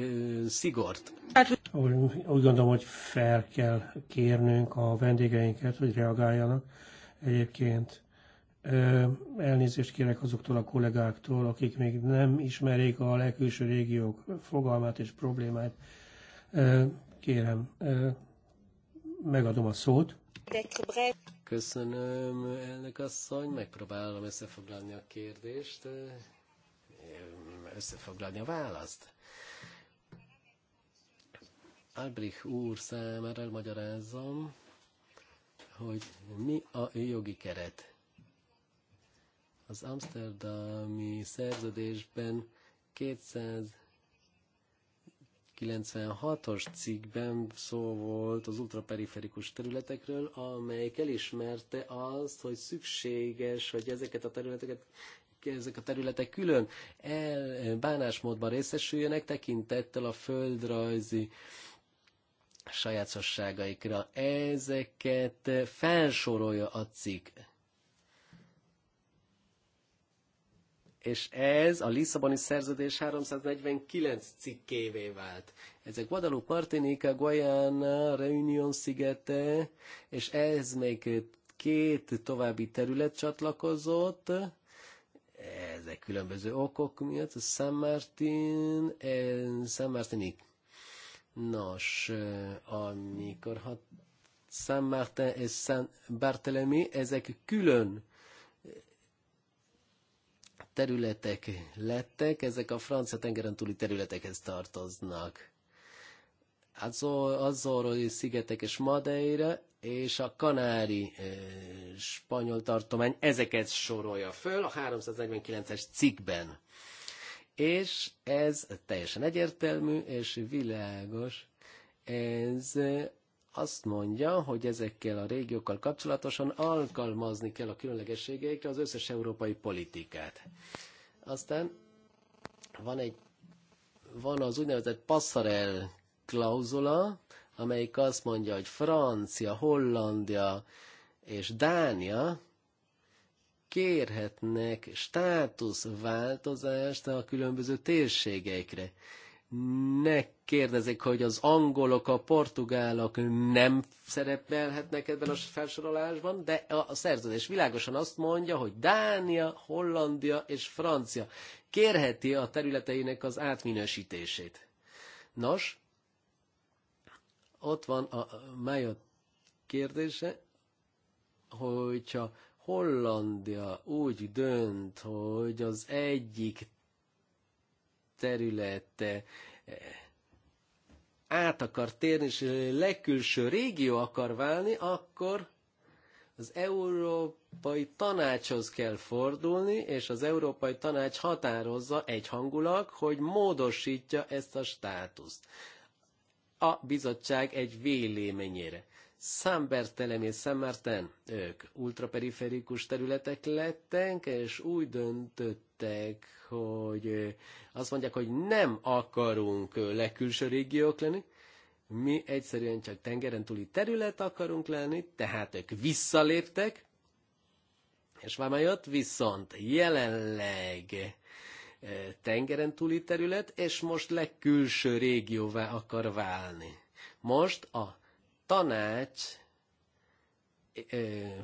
szigort? Hát- úgy, úgy gondolom, hogy fel kell kérnünk a vendégeinket, hogy reagáljanak. Egyébként ö, elnézést kérek azoktól a kollégáktól, akik még nem ismerik a legkülső régiók fogalmát és problémáit. Ö, kérem, megadom a szót. Köszönöm, elnök asszony, megpróbálom összefoglalni a kérdést, összefoglalni a választ. Albrich úr számára elmagyarázom, hogy mi a jogi keret. Az Amsterdami szerződésben 200 96-os cikkben szó volt az ultraperiferikus területekről, amelyik elismerte azt, hogy szükséges, hogy ezeket a területeket ezek a területek külön el, bánásmódban részesüljenek tekintettel a földrajzi sajátosságaikra. Ezeket felsorolja a cikk. és ez a Lisszaboni szerződés 349 cikkévé vált. Ezek Guadalupe, Martinica, Guayana, Reunion szigete, és ez még két további terület csatlakozott, ezek különböző okok miatt, San Martin, eh, San Martinik. Nos, eh, amikor hat, San Martin és San Barthélemy, ezek külön területek lettek, ezek a francia tengeren túli területekhez tartoznak. az Azoroi szigetek és Madeira és a kanári e, spanyol tartomány ezeket sorolja föl a 349-es cikkben. És ez teljesen egyértelmű és világos. Ez azt mondja, hogy ezekkel a régiókkal kapcsolatosan alkalmazni kell a különlegességeikre az összes európai politikát. Aztán van egy van az úgynevezett passarel klauzula, amelyik azt mondja, hogy Francia, Hollandia és Dánia kérhetnek státuszváltozást a különböző térségeikre. Ne kérdezik, hogy az angolok, a portugálok nem szerepelhetnek ebben a felsorolásban, de a szerződés világosan azt mondja, hogy Dánia, Hollandia és Francia kérheti a területeinek az átminősítését. Nos, ott van a Májot kérdése, hogyha Hollandia úgy dönt, hogy az egyik területe át akar térni, és legkülső régió akar válni, akkor az Európai Tanácshoz kell fordulni, és az Európai Tanács határozza egyhangulag, hogy módosítja ezt a státuszt a bizottság egy véleményére. San és San ők ultraperiferikus területek lettek, és úgy döntöttek, hogy azt mondják, hogy nem akarunk legkülső régiók lenni, mi egyszerűen csak tengeren túli terület akarunk lenni, tehát ők visszaléptek, és Vámájot viszont jelenleg tengeren túli terület, és most legkülső régióvá akar válni. Most a tanács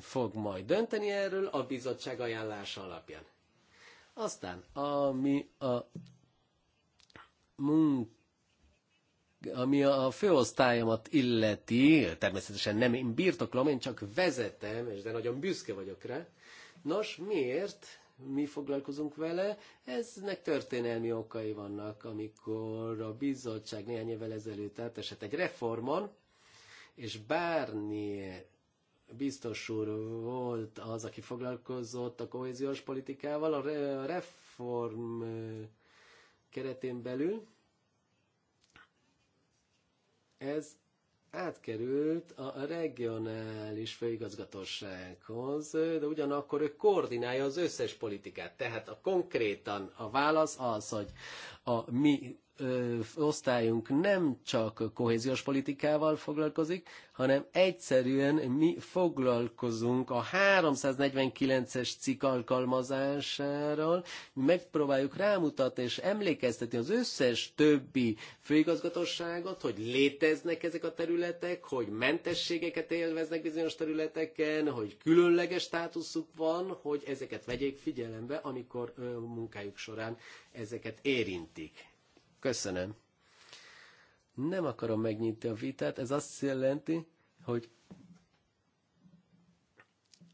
fog majd dönteni erről a bizottság ajánlása alapján. Aztán, ami a munka ami a főosztályomat illeti, természetesen nem én birtoklom, én csak vezetem, és de nagyon büszke vagyok rá. Nos, miért mi foglalkozunk vele? Eznek történelmi okai vannak, amikor a bizottság néhány évvel ezelőtt átesett egy reformon, és bármilyen biztos úr volt az, aki foglalkozott a kohéziós politikával, a reform keretén belül. Ez átkerült a regionális főigazgatósághoz, de ugyanakkor ő koordinálja az összes politikát. Tehát a konkrétan a válasz az, hogy a mi osztályunk nem csak kohéziós politikával foglalkozik, hanem egyszerűen mi foglalkozunk a 349-es cikk alkalmazásáról, megpróbáljuk rámutatni és emlékeztetni az összes többi főigazgatóságot, hogy léteznek ezek a területek, hogy mentességeket élveznek bizonyos területeken, hogy különleges státuszuk van, hogy ezeket vegyék figyelembe, amikor munkájuk során ezeket érintik Köszönöm. Nem akarom megnyitni a vitát, ez azt jelenti, hogy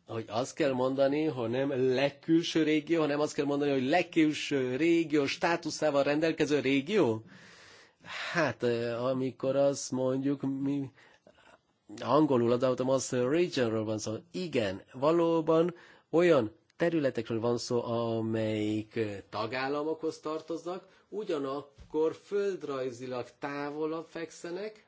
hogy azt kell mondani, hogy nem legkülső régió, hanem azt kell mondani, hogy legkülső régió státuszával rendelkező régió? Hát, amikor azt mondjuk, mi angolul adottam azt, regionról van szó. Igen, valóban olyan területekről van szó, amelyik tagállamokhoz tartoznak, ugyanakkor földrajzilag távolabb fekszenek,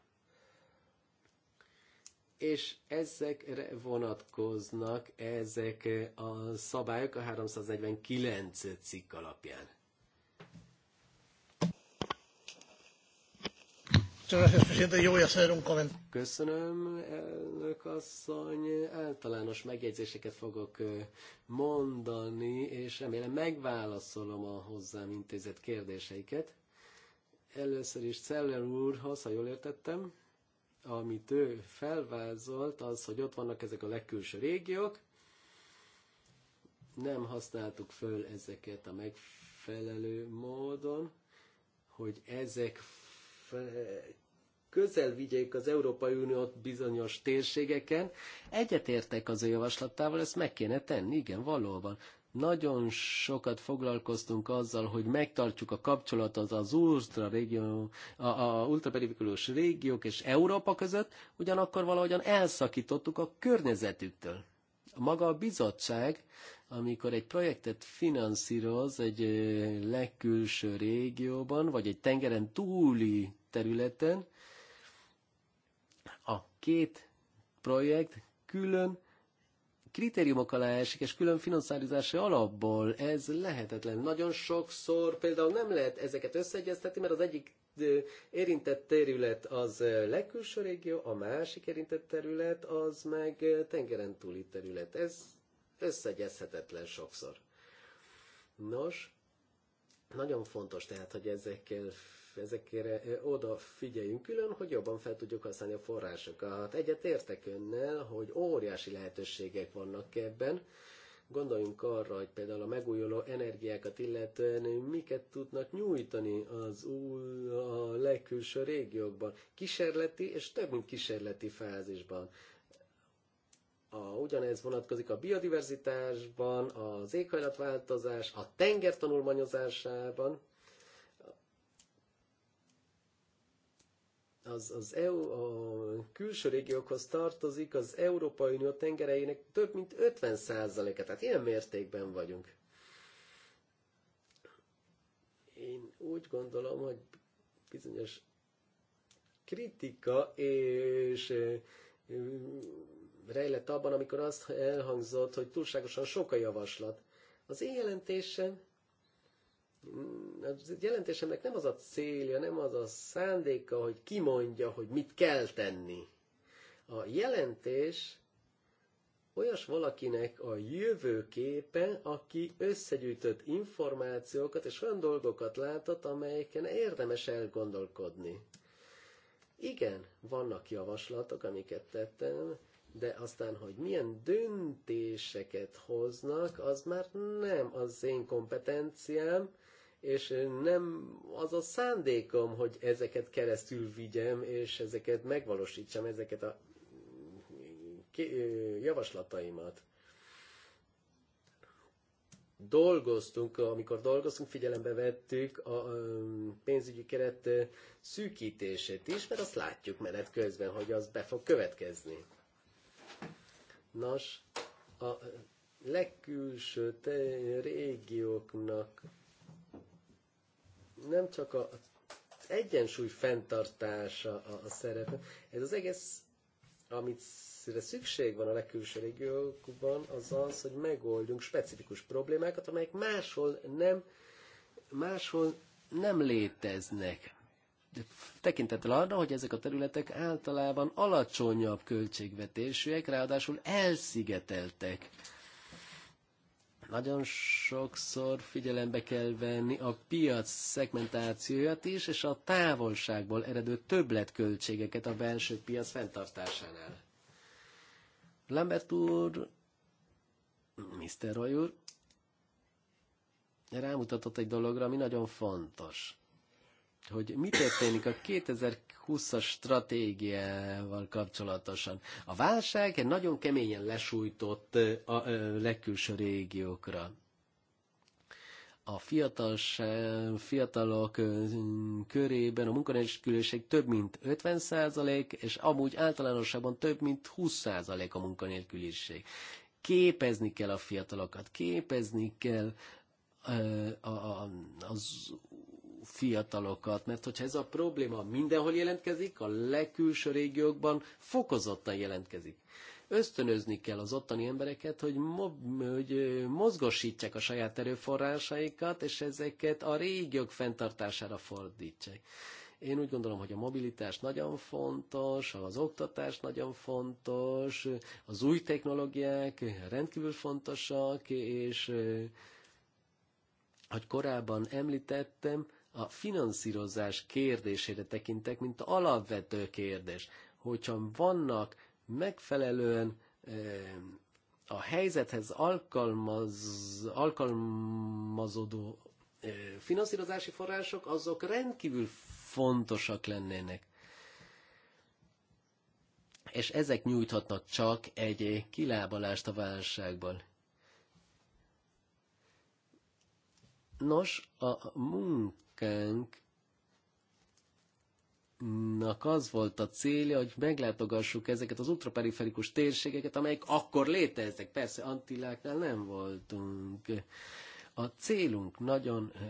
és ezekre vonatkoznak ezek a szabályok a 349 cikk alapján. Köszönöm, elnök asszony. Általános megjegyzéseket fogok mondani, és remélem megválaszolom a hozzám intézett kérdéseiket. Először is Celler úrhoz, ha jól értettem, amit ő felvázolt, az, hogy ott vannak ezek a legkülső régiók, nem használtuk föl ezeket a megfelelő módon, hogy ezek közel vigyék az Európai Uniót bizonyos térségeken. Egyetértek az ő javaslatával, ezt meg kéne tenni, igen, valóban. Nagyon sokat foglalkoztunk azzal, hogy megtartjuk a kapcsolatot az ultra régió, a, a ultraperifikulós régiók és Európa között, ugyanakkor valahogyan elszakítottuk a környezetüktől. Maga a bizottság, amikor egy projektet finanszíroz egy legkülső régióban, vagy egy tengeren túli területen, két projekt külön kritériumok alá esik, és külön finanszírozási alapból ez lehetetlen. Nagyon sokszor például nem lehet ezeket összeegyeztetni, mert az egyik érintett terület az legkülső régió, a másik érintett terület az meg tengeren túli terület. Ez összeegyezhetetlen sokszor. Nos, nagyon fontos tehát, hogy ezekkel ezekre odafigyeljünk külön, hogy jobban fel tudjuk használni a forrásokat. Egyet értek önnel, hogy óriási lehetőségek vannak ebben. Gondoljunk arra, hogy például a megújuló energiákat illetően miket tudnak nyújtani az új, a legkülső régiókban. Kísérleti és több mint kísérleti fázisban a, ugyanez vonatkozik a biodiverzitásban, az éghajlatváltozás, a tenger tanulmányozásában, az, az EU, a külső régiókhoz tartozik az Európai Unió tengereinek több mint 50 százaléka. tehát ilyen mértékben vagyunk. Én úgy gondolom, hogy bizonyos kritika és rejlett abban, amikor azt elhangzott, hogy túlságosan sok a javaslat. Az én jelentésem Hát a jelentésemnek nem az a célja, nem az a szándéka, hogy kimondja, hogy mit kell tenni. A jelentés olyas valakinek a jövőképe, aki összegyűjtött információkat és olyan dolgokat látott, amelyeken érdemes elgondolkodni. Igen, vannak javaslatok, amiket tettem, de aztán, hogy milyen döntéseket hoznak, az már nem az én kompetenciám, és nem az a szándékom, hogy ezeket keresztül vigyem, és ezeket megvalósítsam, ezeket a javaslataimat. Dolgoztunk, amikor dolgoztunk, figyelembe vettük a pénzügyi keret szűkítését is, mert azt látjuk menet közben, hogy az be fog következni. Nos, a legkülső régióknak nem csak a, az egyensúly fenntartása a, a szerepe, ez az egész, amit szükség van a legkülső régiókban, az az, hogy megoldjunk specifikus problémákat, amelyek máshol nem, máshol nem léteznek tekintettel arra, hogy ezek a területek általában alacsonyabb költségvetésűek, ráadásul elszigeteltek. Nagyon sokszor figyelembe kell venni a piac szegmentációját is, és a távolságból eredő többletköltségeket a belső piac fenntartásánál. Lambert úr, Mr. Roy úr, rámutatott egy dologra, ami nagyon fontos hogy mi történik a 2020-as stratégiával kapcsolatosan. A válság egy nagyon keményen lesújtott a legkülső régiókra. A fiatals, fiatalok körében a munkanélküliség több mint 50%, és amúgy általánosabban több mint 20% a munkanélküliség. Képezni kell a fiatalokat, képezni kell a, az fiatalokat, mert hogyha ez a probléma mindenhol jelentkezik, a legkülső régiókban fokozottan jelentkezik. Ösztönözni kell az ottani embereket, hogy, mo- hogy mozgosítsák a saját erőforrásaikat, és ezeket a régiók fenntartására fordítsák. Én úgy gondolom, hogy a mobilitás nagyon fontos, az oktatás nagyon fontos, az új technológiák rendkívül fontosak, és hogy korábban említettem, a finanszírozás kérdésére tekintek, mint alapvető kérdés. Hogyha vannak megfelelően eh, a helyzethez alkalmaz, alkalmazódó eh, finanszírozási források, azok rendkívül fontosak lennének. És ezek nyújthatnak csak egy kilábalást a válságból. Nos, a munkánk az volt a célja, hogy meglátogassuk ezeket az ultraperiferikus térségeket, amelyek akkor léteztek. Persze Antilláknál nem voltunk. A célunk nagyon eh,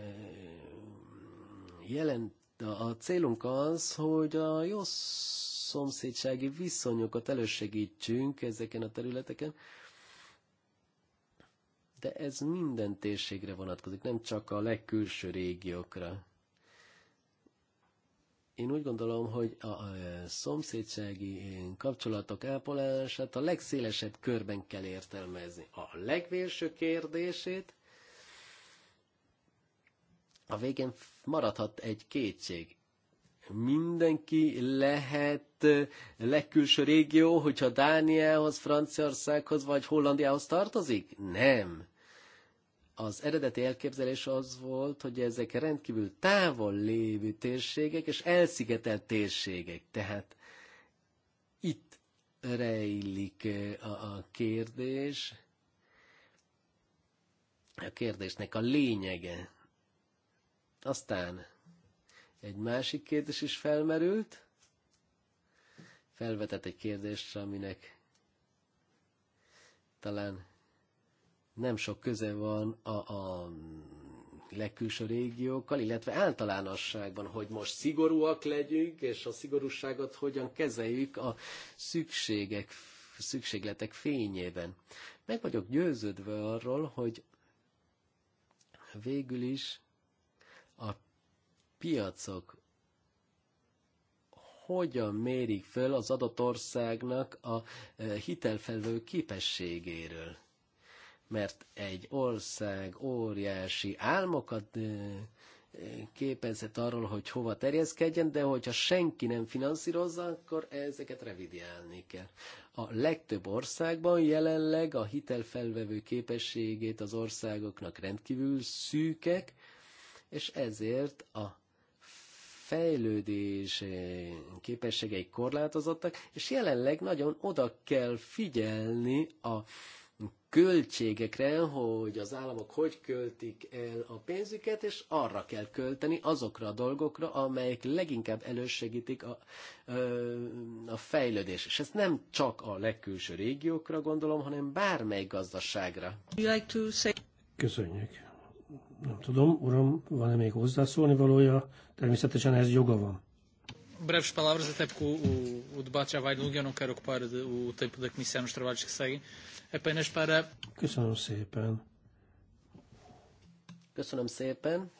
jelent, a célunk az, hogy a jó szomszédsági viszonyokat elősegítsünk ezeken a területeken, de ez minden térségre vonatkozik, nem csak a legkülső régiókra. Én úgy gondolom, hogy a szomszédsági eh, kapcsolatok ápolását a legszélesebb körben kell értelmezni. A legvélső kérdését a végén maradhat egy kétség mindenki lehet legkülső régió, hogyha Dániához, Franciaországhoz vagy Hollandiához tartozik? Nem. Az eredeti elképzelés az volt, hogy ezek rendkívül távol lévő térségek és elszigetelt térségek. Tehát itt rejlik a, a kérdés, a kérdésnek a lényege. Aztán egy másik kérdés is felmerült. Felvetett egy kérdést, aminek talán nem sok köze van a, a legkülső régiókkal, illetve általánosságban, hogy most szigorúak legyünk, és a szigorúságot hogyan kezeljük a szükségek, szükségletek fényében. Meg vagyok győződve arról, hogy végül is a piacok hogyan mérik föl az adott országnak a e, hitelfelvő képességéről. Mert egy ország óriási álmokat e, e, képezhet arról, hogy hova terjeszkedjen, de hogyha senki nem finanszírozza, akkor ezeket revidiálni kell. A legtöbb országban jelenleg a hitelfelvevő képességét az országoknak rendkívül szűkek, és ezért a fejlődés eh, képességei korlátozottak, és jelenleg nagyon oda kell figyelni a költségekre, hogy az államok hogy költik el a pénzüket, és arra kell költeni azokra a dolgokra, amelyek leginkább elősegítik a, a fejlődés. És ez nem csak a legkülső régiókra gondolom, hanem bármely gazdaságra. Köszönjük. Nem tudom, uram, van-e még hozzászólni valója? Természetesen ez joga van. Breves palavras, até porque o, o debate já vai longo, eu não quero ocupar de, o tempo da Comissão nos trabalhos que seguem. Apenas para. Köszönöm szépen. Köszönöm szépen.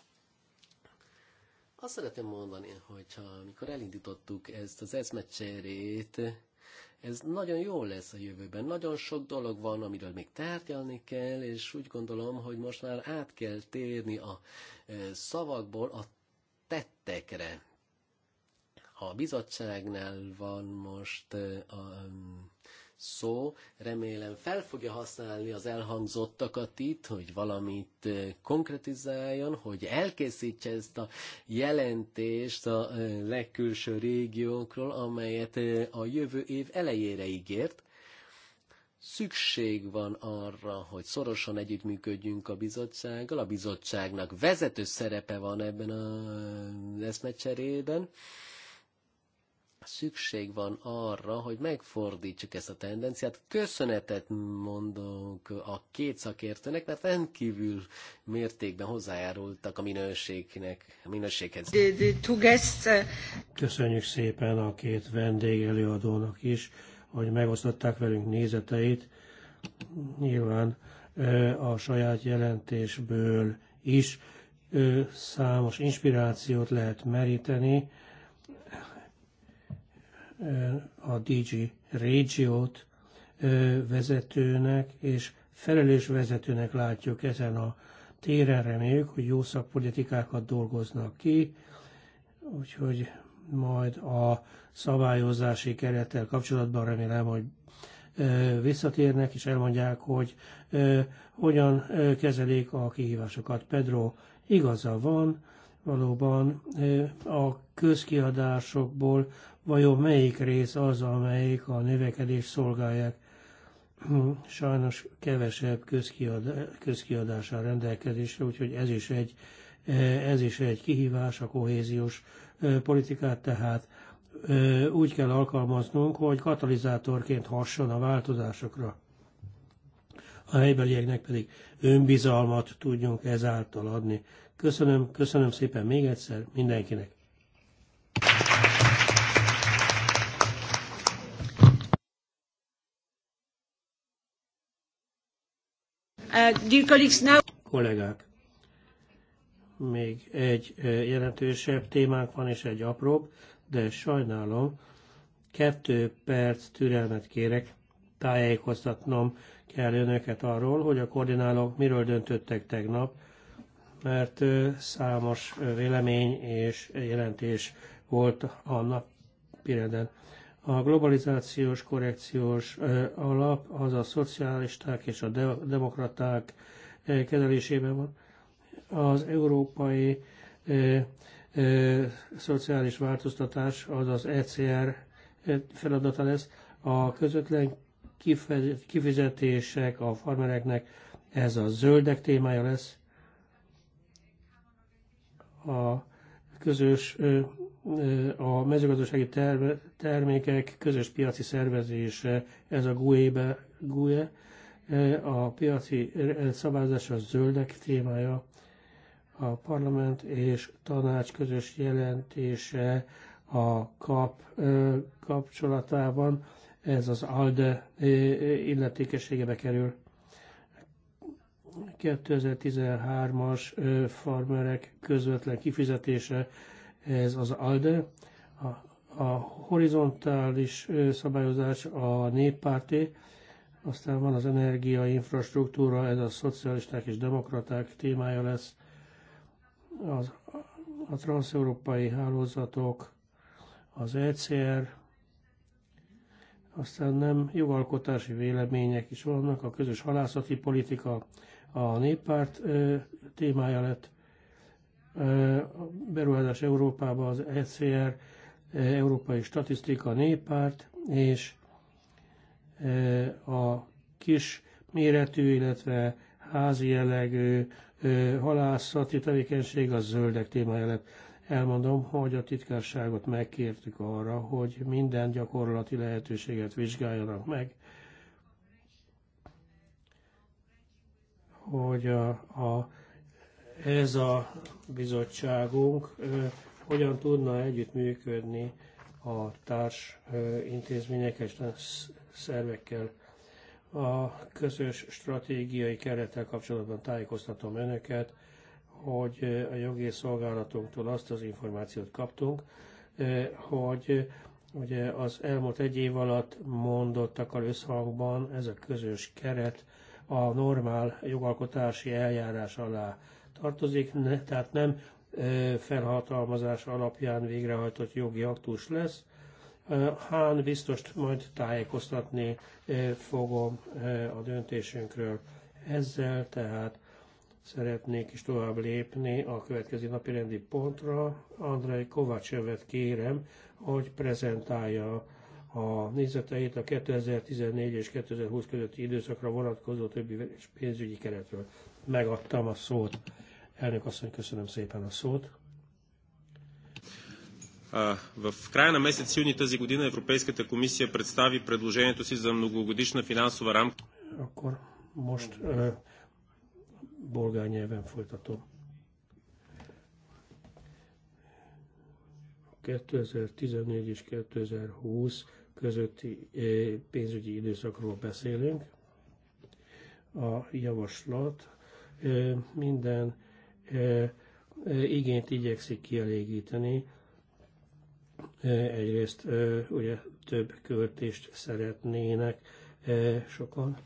Azt szeretném mondani, hogyha amikor elindítottuk ezt az eszmecserét, ez nagyon jó lesz a jövőben. Nagyon sok dolog van, amiről még tárgyalni kell, és úgy gondolom, hogy most már át kell térni a e, szavakból a tettekre. A bizottságnál van most e, a szó. Remélem fel fogja használni az elhangzottakat itt, hogy valamit konkretizáljon, hogy elkészítse ezt a jelentést a legkülső régiókról, amelyet a jövő év elejére ígért. Szükség van arra, hogy szorosan együttműködjünk a bizottsággal. A bizottságnak vezető szerepe van ebben az eszmecserében szükség van arra, hogy megfordítsuk ezt a tendenciát. Köszönetet mondunk a két szakértőnek, mert rendkívül mértékben hozzájárultak a minőségnek, a minőséghez. Uh, Köszönjük szépen a két vendég előadónak is, hogy megosztották velünk nézeteit. Nyilván uh, a saját jelentésből is uh, számos inspirációt lehet meríteni a DG régiót vezetőnek és felelős vezetőnek látjuk ezen a téren. Reméljük, hogy jó szakpolitikákat dolgoznak ki, úgyhogy majd a szabályozási kerettel kapcsolatban remélem, hogy visszatérnek és elmondják, hogy hogyan kezelik a kihívásokat. Pedro igaza van, valóban a közkiadásokból vajon melyik rész az, amelyik a növekedés szolgálják. Hm, sajnos kevesebb közkiadá, közkiadás rendelkezésre, úgyhogy ez is egy, e, ez is egy kihívás a kohéziós e, politikát, tehát e, úgy kell alkalmaznunk, hogy katalizátorként hasson a változásokra. A helybelieknek pedig önbizalmat tudjunk ezáltal adni. Köszönöm, köszönöm szépen még egyszer mindenkinek. Uh, Kollégák, még egy uh, jelentősebb témánk van, és egy apróbb, de sajnálom, kettő perc türelmet kérek, tájékoztatnom kell önöket arról, hogy a koordinálók miről döntöttek tegnap, mert uh, számos vélemény és jelentés volt a napirenden. A globalizációs korrekciós alap az a szocialisták és a demokraták kezelésében van. Az európai szociális változtatás az az ECR feladata lesz. A közvetlen kifizetések a farmereknek ez a zöldek témája lesz. A közös a mezőgazdasági termékek közös piaci szervezése, ez a GUE-be, GUE, a piaci szabályozás a zöldek témája, a parlament és tanács közös jelentése a kap kapcsolatában, ez az ALDE illetékességebe kerül. 2013-as farmerek közvetlen kifizetése ez az ALDE, a, a horizontális szabályozás a néppárti, aztán van az energia, infrastruktúra, ez a szocialisták és demokraták témája lesz, az, a transeurópai hálózatok, az ECR, aztán nem jogalkotási vélemények is vannak, a közös halászati politika a néppárt ö, témája lett, Beruházás Európába az ECR, Európai Statisztika Néppárt, és a kis méretű, illetve házi jellegű halászati tevékenység a zöldek témája lett. Elmondom, hogy a titkárságot megkértük arra, hogy minden gyakorlati lehetőséget vizsgáljanak meg, hogy a, a ez a bizottságunk hogyan tudna együttműködni a társ intézményekkel és szervekkel. A közös stratégiai kerettel kapcsolatban tájékoztatom önöket, hogy a jogi szolgálatunktól azt az információt kaptunk, hogy ugye az elmúlt egy év alatt mondottakkal összhangban ez a közös keret a normál jogalkotási eljárás alá tartozik, ne, tehát nem felhatalmazás alapján végrehajtott jogi aktus lesz. Hán biztos majd tájékoztatni fogom a döntésünkről. Ezzel tehát szeretnék is tovább lépni a következő napi rendi pontra. Andrei Kovácsövet kérem, hogy prezentálja a nézeteit a 2014 és 2020 közötti időszakra vonatkozó többi pénzügyi keretről. Megadtam a szót. Elnök asszony, köszönöm szépen a szót. В края на месец юни тази година Европейската комисия представи предложението си за многогодишна финансова рамка. Akkor most bolgár nyelven folytatom. 2014 és 2020 közötti pénzügyi időszakról beszélünk. A javaslat minden igényt igyekszik kielégíteni. Egyrészt ugye több költést szeretnének sokan.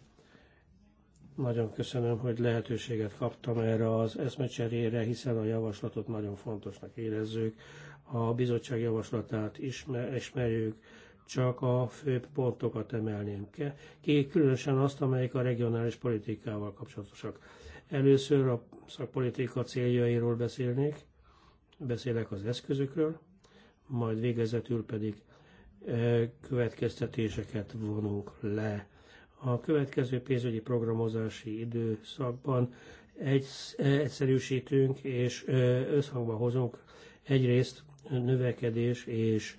Nagyon köszönöm, hogy lehetőséget kaptam erre az eszmecserére, hiszen a javaslatot nagyon fontosnak érezzük. A bizottság javaslatát ismer, ismerjük, csak a főbb pontokat emelném ki, különösen azt, amelyik a regionális politikával kapcsolatosak Először a szakpolitika céljairól beszélnék, beszélek az eszközökről, majd végezetül pedig e, következtetéseket vonunk le. A következő pénzügyi programozási időszakban egy, e, egyszerűsítünk és e, összhangba hozunk egyrészt növekedés és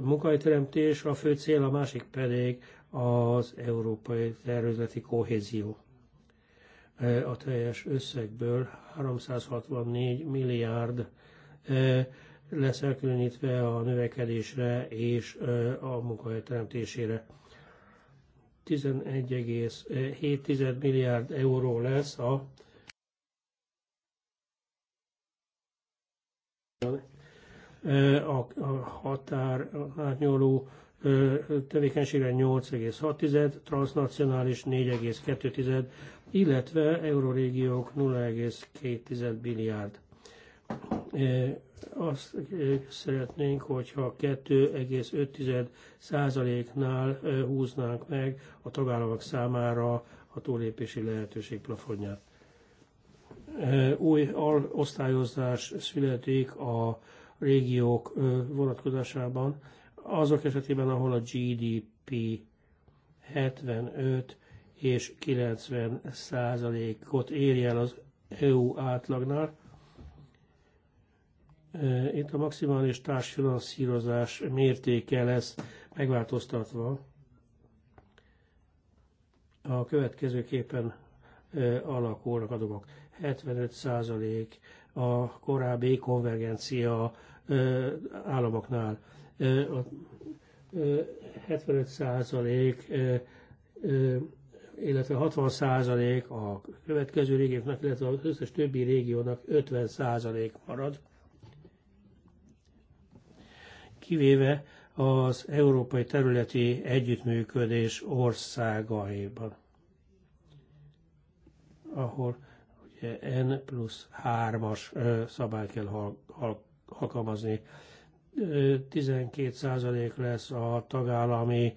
munkahelyteremtés a fő cél, a másik pedig az európai tervezeti kohézió. E, a teljes összegből 364 milliárd e, lesz elkülönítve a növekedésre és e, a teremtésére. 11,7 milliárd euró lesz a a határ átnyúló tevékenységre 8,6, transnacionális 4,2, illetve eurorégiók 0,2 milliárd. Azt szeretnénk, hogyha 2,5 százaléknál húznánk meg a tagállamok számára a túlépési lehetőség plafonját. Új osztályozás születik a régiók vonatkozásában, azok esetében, ahol a GDP 75 és 90 százalékot érje el az EU átlagnál. Itt a maximális társfinanszírozás mértéke lesz megváltoztatva. A következőképpen alakulnak a dolgok. 75 százalék a korábbi konvergencia államoknál. 75 százalék illetve 60 százalék a következő régióknak, illetve az összes többi régiónak 50 százalék marad. Kivéve az európai területi együttműködés országaiban, ahol ugye N plusz 3-as szabály kell alkalmazni. 12% lesz a tagállami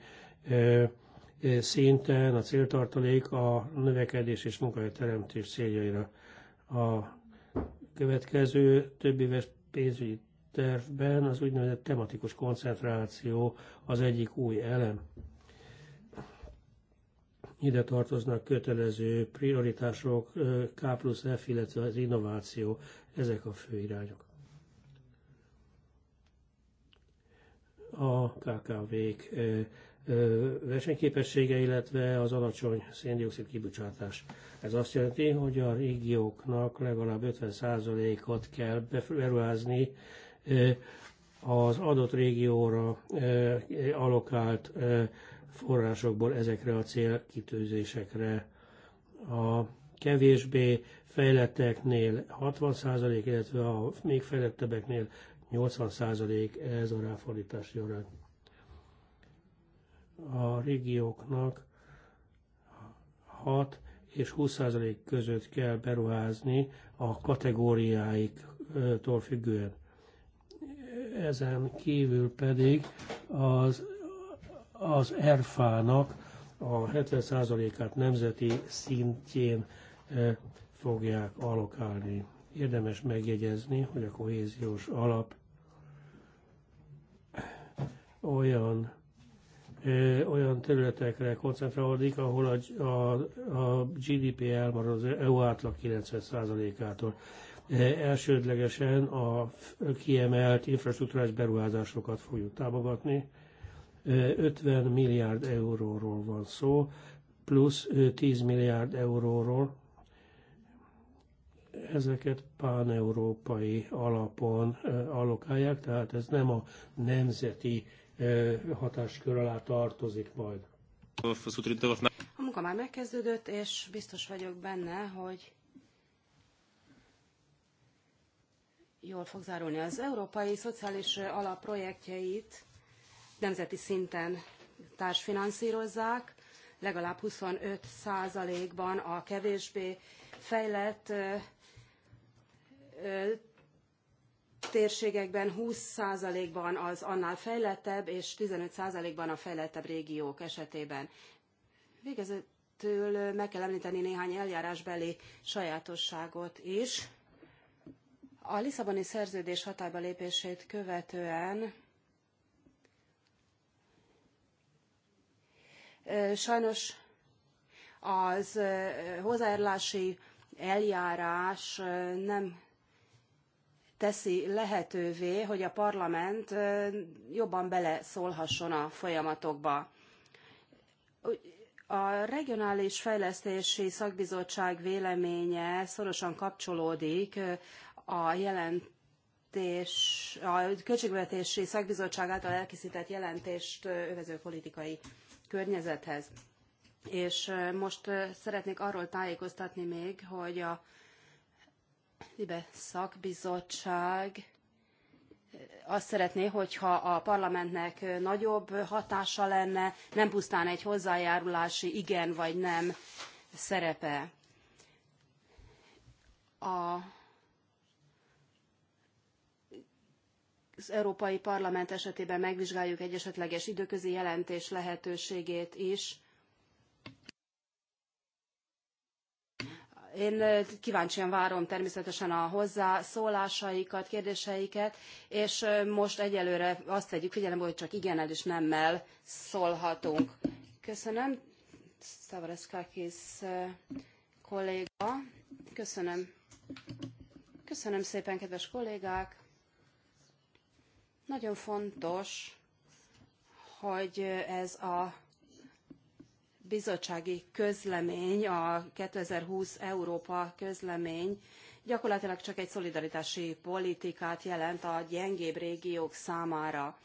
szinten a céltartalék a növekedés és munkahelyteremtés céljaira. A következő több éves pénzügyi tervben az úgynevezett tematikus koncentráció az egyik új elem. Ide tartoznak kötelező prioritások, K plusz F, illetve az innováció, ezek a fő irányok. A KKV-k versenyképessége, illetve az alacsony széndiokszid kibocsátás. Ez azt jelenti, hogy a régióknak legalább 50%-ot kell beruházni az adott régióra alokált forrásokból ezekre a célkitűzésekre. A kevésbé fejletteknél 60%, illetve a még fejlettebbeknél 80% ez a ráfordítási arány a régióknak 6 és 20 között kell beruházni a kategóriáiktól függően. Ezen kívül pedig az, az ERFA-nak a 70 százalékát nemzeti szintjén e, fogják alokálni. Érdemes megjegyezni, hogy a kohéziós alap olyan olyan területekre koncentrálódik, ahol a, a, a GDP elmarad az EU átlag 90%-ától. Elsődlegesen a kiemelt infrastruktúrás beruházásokat fogjuk támogatni. 50 milliárd euróról van szó, plusz 10 milliárd euróról. Ezeket pán pán-európai alapon allokálják, tehát ez nem a nemzeti hatáskör alá tartozik majd. A munka már megkezdődött, és biztos vagyok benne, hogy jól fog zárulni. Az Európai Szociális Alap projektjeit nemzeti szinten társfinanszírozzák, legalább 25 százalékban a kevésbé fejlett térségekben 20%-ban az annál fejlettebb, és 15%-ban a fejlettebb régiók esetében. Végezetül meg kell említeni néhány eljárásbeli sajátosságot is. A Lisszaboni szerződés hatályba lépését követően sajnos az hozzájárulási eljárás nem teszi lehetővé, hogy a parlament jobban beleszólhasson a folyamatokba. A Regionális Fejlesztési Szakbizottság véleménye szorosan kapcsolódik a jelentés, a Költségvetési Szakbizottság által elkészített jelentést övező politikai környezethez. És most szeretnék arról tájékoztatni még, hogy a Libe szakbizottság eh, azt szeretné, hogyha a parlamentnek eh, nagyobb hatása lenne, nem pusztán egy hozzájárulási igen vagy nem szerepe. A az Európai Parlament esetében megvizsgáljuk egy esetleges időközi jelentés lehetőségét is, Én kíváncsian várom természetesen a hozzászólásaikat, kérdéseiket, és most egyelőre azt vegyük figyelembe, hogy csak igennel és nemmel szólhatunk. Köszönöm, Stavreskakis kolléga. Köszönöm. Köszönöm szépen, kedves kollégák. Nagyon fontos, hogy ez a bizottsági közlemény, a 2020 Európa közlemény gyakorlatilag csak egy szolidaritási politikát jelent a gyengébb régiók számára.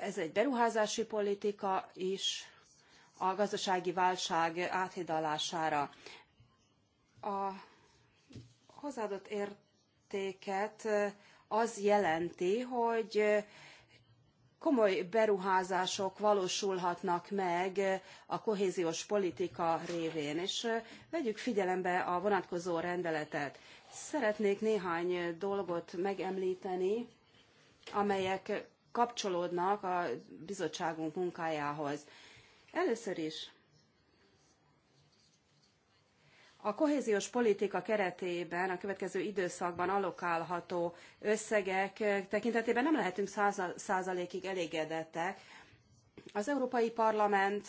Ez egy beruházási politika is a gazdasági válság áthidalására. A hozzáadott értéket az jelenti, hogy komoly beruházások valósulhatnak meg a kohéziós politika révén, és vegyük figyelembe a vonatkozó rendeletet. Szeretnék néhány dolgot megemlíteni, amelyek kapcsolódnak a bizottságunk munkájához. Először is A kohéziós politika keretében a következő időszakban allokálható összegek tekintetében nem lehetünk százalékig elégedettek. Az Európai Parlament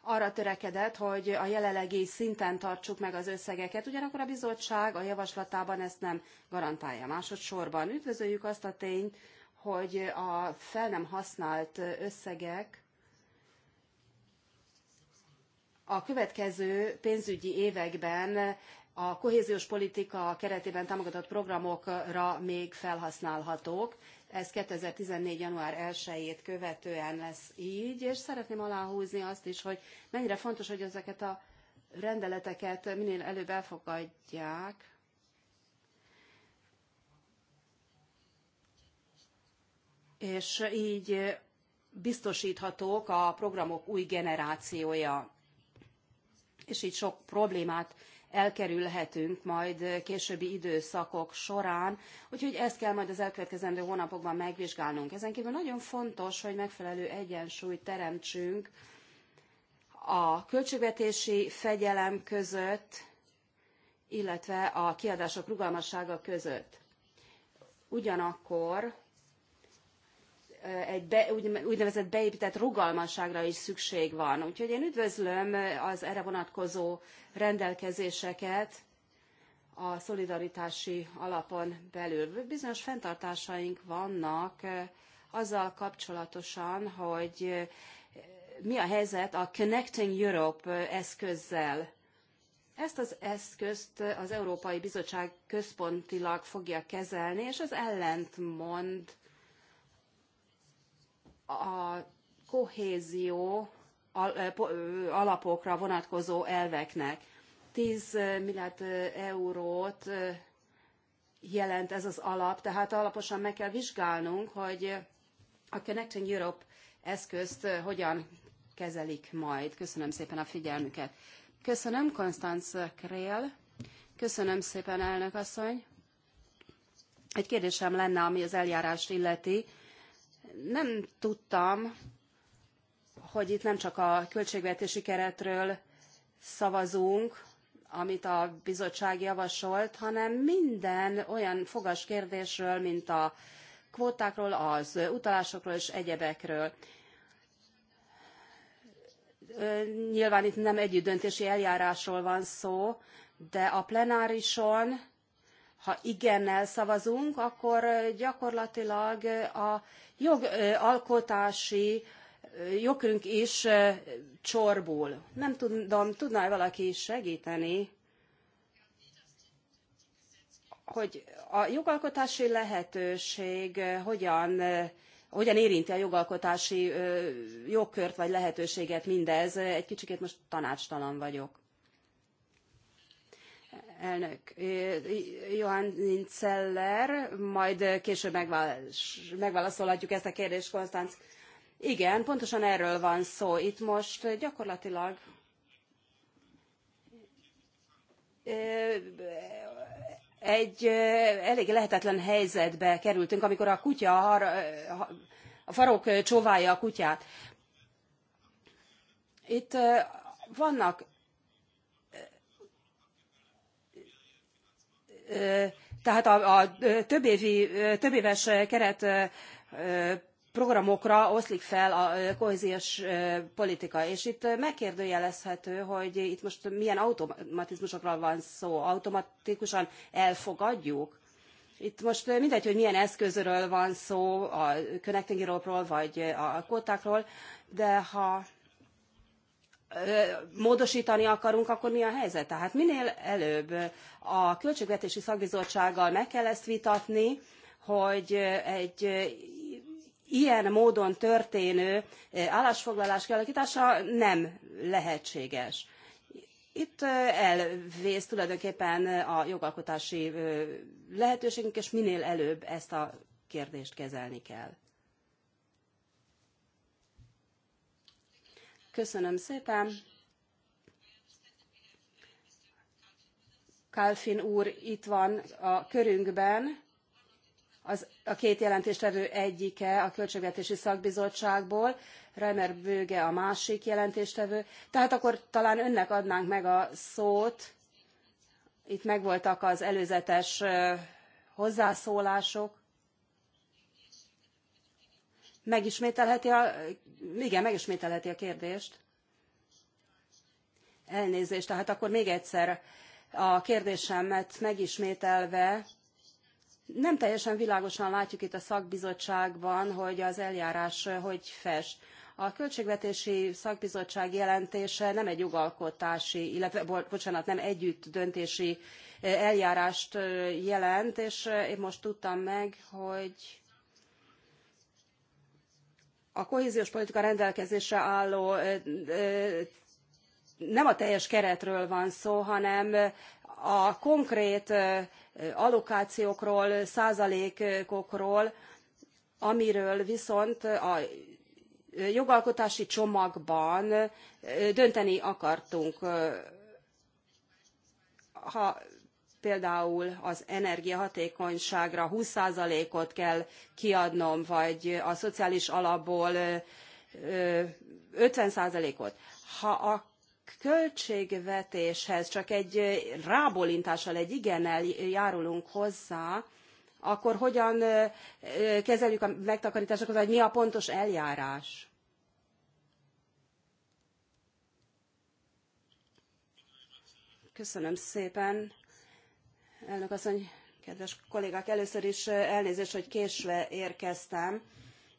arra törekedett, hogy a jelenlegi szinten tartsuk meg az összegeket, ugyanakkor a bizottság a javaslatában ezt nem garantálja. Másodszorban üdvözöljük azt a tényt, hogy a fel nem használt összegek a következő pénzügyi években a kohéziós politika keretében támogatott programokra még felhasználhatók. Ez 2014. január 1-ét követően lesz így, és szeretném aláhúzni azt is, hogy mennyire fontos, hogy ezeket a rendeleteket minél előbb elfogadják. És így biztosíthatók a programok új generációja és így sok problémát elkerülhetünk majd későbbi időszakok során, úgyhogy ezt kell majd az elkövetkezendő hónapokban megvizsgálnunk. Ezen kívül nagyon fontos, hogy megfelelő egyensúlyt teremtsünk a költségvetési fegyelem között, illetve a kiadások rugalmassága között. Ugyanakkor egy be, úgynevezett beépített rugalmasságra is szükség van. Úgyhogy én üdvözlöm az erre vonatkozó rendelkezéseket a szolidaritási alapon belül. Bizonyos fenntartásaink vannak eh, azzal kapcsolatosan, hogy eh, mi a helyzet a Connecting Europe eh, eszközzel. Ezt az eszközt az Európai Bizottság központilag fogja kezelni, és az ellentmond a kohézió alapokra vonatkozó elveknek. 10 milliárd eurót jelent ez az alap, tehát alaposan meg kell vizsgálnunk, hogy a Connecting Europe eszközt hogyan kezelik majd. Köszönöm szépen a figyelmüket. Köszönöm, Konstanz Krél. Köszönöm szépen, elnök asszony. Egy kérdésem lenne, ami az eljárást illeti nem tudtam, hogy itt nem csak a költségvetési keretről szavazunk, amit a bizottság javasolt, hanem minden olyan fogas kérdésről, mint a kvótákról, az utalásokról és egyebekről. Nyilván itt nem együttdöntési eljárásról van szó, de a plenárison, ha igennel szavazunk, akkor gyakorlatilag a jogalkotási jogkörünk is csorbul. Nem tudom, tudná -e valaki segíteni, hogy a jogalkotási lehetőség hogyan hogyan érinti a jogalkotási jogkört vagy lehetőséget mindez. Egy kicsikét most tanácstalan vagyok elnök Johann Zeller, majd később megválaszolhatjuk ezt a kérdést, Konstanz. Igen, pontosan erről van szó. Itt most gyakorlatilag egy elég lehetetlen helyzetbe kerültünk, amikor a kutya, a farok csóválja a kutyát. Itt vannak tehát a, a több, évi, több éves keret programokra oszlik fel a kohéziós politika, és itt megkérdőjelezhető, hogy itt most milyen automatizmusokról van szó, automatikusan elfogadjuk. Itt most mindegy, hogy milyen eszközről van szó, a Connecting Europe-ról vagy a kótákról, de ha módosítani akarunk, akkor mi a helyzet? Tehát minél előbb a Költségvetési Szakbizottsággal meg kell ezt vitatni, hogy egy ilyen módon történő állásfoglalás kialakítása nem lehetséges. Itt elvész tulajdonképpen a jogalkotási lehetőségünk, és minél előbb ezt a kérdést kezelni kell. Köszönöm szépen. Kálfin úr itt van a körünkben, az, a két jelentéstevő egyike a Költségvetési Szakbizottságból, Reimer Bőge a másik jelentéstevő. Tehát akkor talán önnek adnánk meg a szót. Itt megvoltak az előzetes hozzászólások. Megismételheti a, igen, megismételheti a kérdést. Elnézést, tehát akkor még egyszer a kérdésemet megismételve, nem teljesen világosan látjuk itt a szakbizottságban, hogy az eljárás hogy fest. A költségvetési szakbizottság jelentése nem egy jogalkotási, illetve bocsánat, nem együtt döntési eh, eljárást eh, jelent, és eh, én most tudtam meg, hogy a kohéziós politika rendelkezésre álló nem a teljes keretről van szó, hanem a konkrét allokációkról, százalékokról, amiről viszont a jogalkotási csomagban dönteni akartunk. Ha például az energiahatékonyságra 20%-ot kell kiadnom, vagy a szociális alapból 50%-ot. Ha a költségvetéshez csak egy rábólintással, egy igennel járulunk hozzá, akkor hogyan kezeljük a megtakarításokat, vagy mi a pontos eljárás? Köszönöm szépen elnök asszony, kedves kollégák, először is elnézést, hogy késve érkeztem,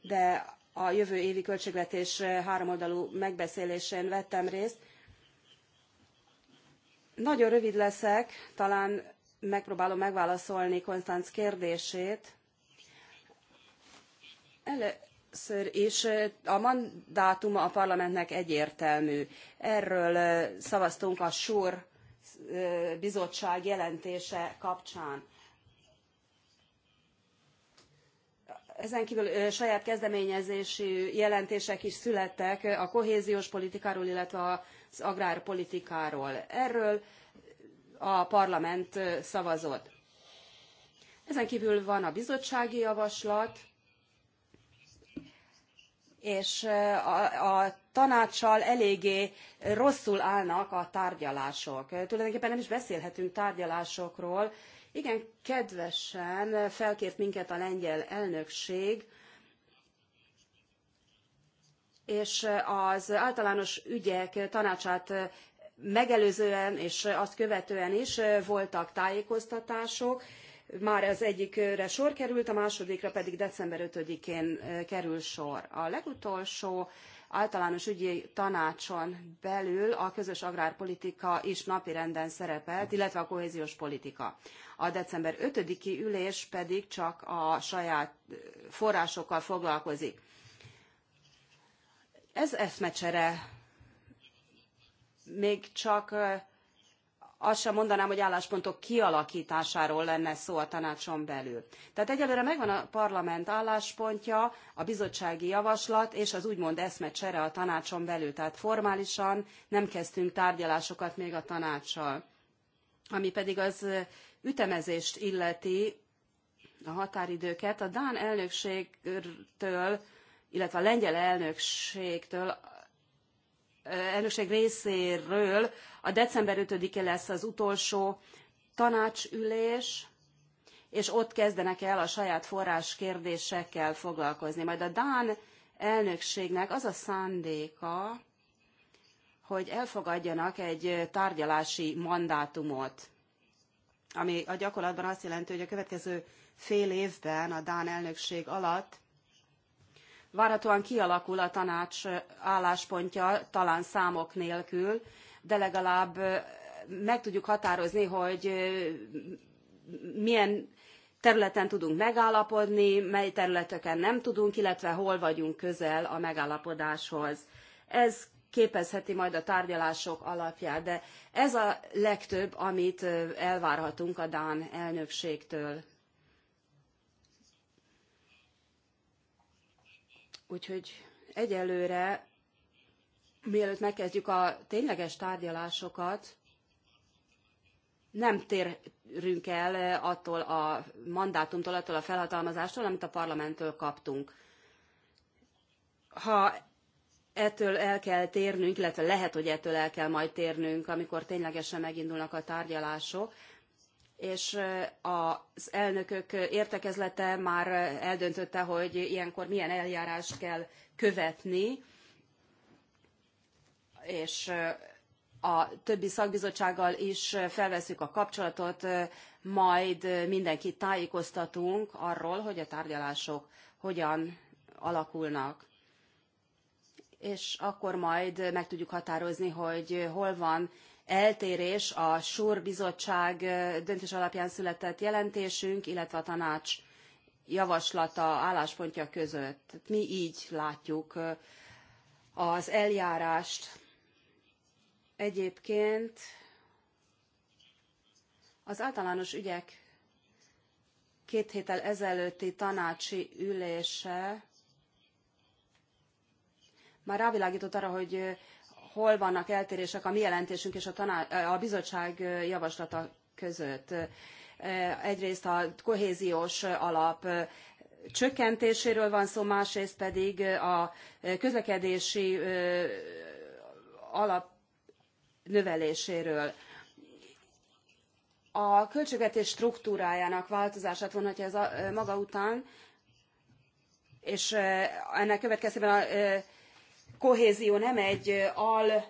de a jövő évi költségvetés háromoldalú megbeszélésén vettem részt. Nagyon rövid leszek, talán megpróbálom megválaszolni Konstanz kérdését. Először is a mandátuma a parlamentnek egyértelmű. Erről szavaztunk a SUR bizottság jelentése kapcsán. Ezen kívül saját kezdeményezésű jelentések is születtek a kohéziós politikáról, illetve az agrárpolitikáról. Erről a parlament szavazott. Ezen kívül van a bizottsági javaslat, és a, a tanácssal eléggé rosszul állnak a tárgyalások. Tulajdonképpen nem is beszélhetünk tárgyalásokról. Igen, kedvesen felkért minket a lengyel elnökség, és az általános ügyek tanácsát megelőzően és azt követően is voltak tájékoztatások, már az egyikre sor került, a másodikra pedig december 5-én kerül sor. A legutolsó általános ügyi tanácson belül a közös agrárpolitika is napirenden szerepelt, illetve a kohéziós politika. A december 5-i ülés pedig csak a saját forrásokkal foglalkozik. Ez eszmecsere még csak azt sem mondanám, hogy álláspontok kialakításáról lenne szó a tanácson belül. Tehát egyelőre megvan a parlament álláspontja, a bizottsági javaslat és az úgymond eszmecsere a tanácson belül. Tehát formálisan nem kezdtünk tárgyalásokat még a tanácssal. Ami pedig az ütemezést illeti, a határidőket, a Dán elnökségtől, illetve a lengyel elnökségtől elnökség részéről a december 5-e lesz az utolsó tanácsülés, és ott kezdenek el a saját forrás kérdésekkel foglalkozni. Majd a Dán elnökségnek az a szándéka, hogy elfogadjanak egy tárgyalási mandátumot, ami a gyakorlatban azt jelenti, hogy a következő fél évben a Dán elnökség alatt várhatóan kialakul a tanács álláspontja, talán számok nélkül, de legalább meg tudjuk határozni, hogy milyen területen tudunk megállapodni, mely területeken nem tudunk, illetve hol vagyunk közel a megállapodáshoz. Ez képezheti majd a tárgyalások alapját, de ez a legtöbb, amit elvárhatunk a Dán elnökségtől. Úgyhogy egyelőre, mielőtt megkezdjük a tényleges tárgyalásokat, nem térünk el attól a mandátumtól, attól a felhatalmazástól, amit a parlamenttől kaptunk. Ha ettől el kell térnünk, illetve lehet, hogy ettől el kell majd térnünk, amikor ténylegesen megindulnak a tárgyalások, és az elnökök értekezlete már eldöntötte, hogy ilyenkor milyen eljárást kell követni, és a többi szakbizottsággal is felveszük a kapcsolatot, majd mindenkit tájékoztatunk arról, hogy a tárgyalások hogyan alakulnak. És akkor majd meg tudjuk határozni, hogy hol van eltérés a SUR bizottság döntés alapján született jelentésünk, illetve a tanács javaslata, álláspontja között. Mi így látjuk az eljárást. Egyébként az általános ügyek két héttel ezelőtti tanácsi ülése már rávilágított arra, hogy hol vannak eltérések a mi jelentésünk és a, a bizottság javaslata között. Egyrészt a kohéziós alap csökkentéséről van szó, másrészt pedig a közlekedési alap növeléséről. A költségvetés struktúrájának változását vonhatja ez a maga után, és ennek következtében a kohézió nem egy al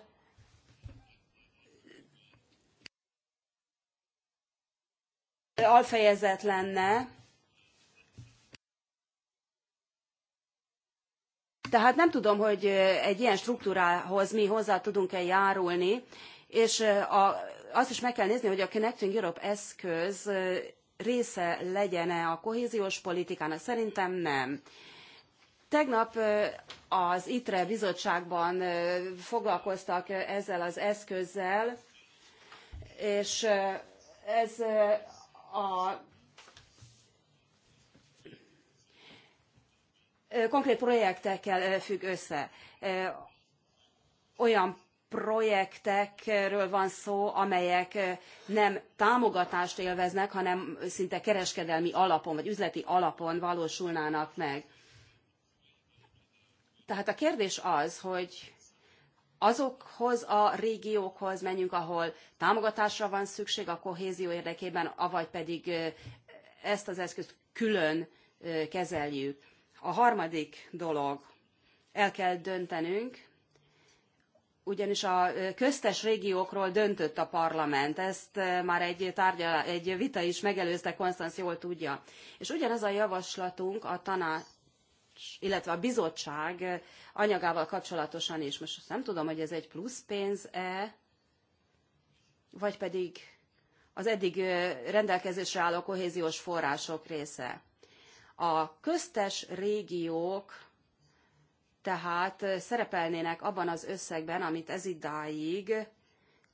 alfejezet lenne. Tehát nem tudom, hogy egy ilyen struktúrához mi hozzá tudunk-e járulni, és a, azt is meg kell nézni, hogy a Connecting Europe eszköz része legyen-e a kohéziós politikának. Szerintem nem. Tegnap az ITRE bizottságban foglalkoztak ezzel az eszközzel, és ez a konkrét projektekkel függ össze. Olyan projektekről van szó, amelyek nem támogatást élveznek, hanem szinte kereskedelmi alapon, vagy üzleti alapon valósulnának meg. Tehát a kérdés az, hogy azokhoz a régiókhoz menjünk, ahol támogatásra van szükség a kohézió érdekében, avagy pedig ezt az eszközt külön kezeljük. A harmadik dolog, el kell döntenünk, ugyanis a köztes régiókról döntött a parlament, ezt már egy, tárgyal, egy vita is megelőzte, Konstanz jól tudja. És ugyanaz a javaslatunk a tanács, illetve a bizottság anyagával kapcsolatosan is. Most azt nem tudom, hogy ez egy plusz pénz-e, vagy pedig az eddig rendelkezésre álló kohéziós források része. A köztes régiók tehát szerepelnének abban az összegben, amit ez idáig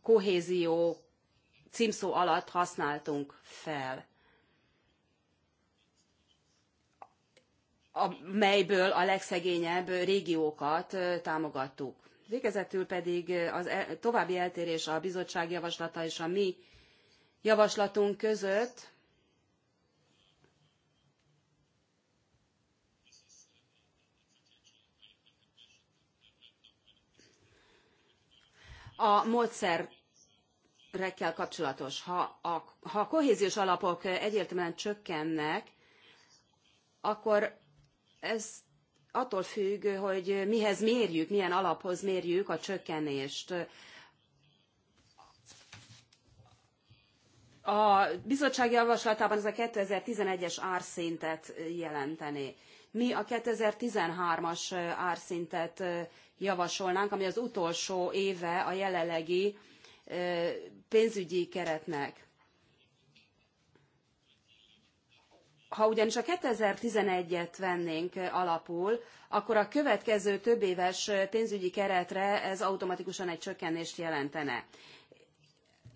kohézió címszó alatt használtunk fel. amelyből a legszegényebb régiókat támogattuk. Végezetül pedig az e, további eltérés a bizottság javaslata és a mi javaslatunk között a módszerekkel kapcsolatos. Ha a, ha a kohéziós alapok egyértelműen csökkennek, akkor ez attól függ, hogy mihez mérjük, milyen alaphoz mérjük a csökkenést. A bizottság javaslatában ez a 2011-es árszintet jelenteni. Mi a 2013-as árszintet javasolnánk, ami az utolsó éve a jelenlegi pénzügyi keretnek. Ha ugyanis a 2011-et vennénk alapul, akkor a következő többéves pénzügyi keretre ez automatikusan egy csökkenést jelentene.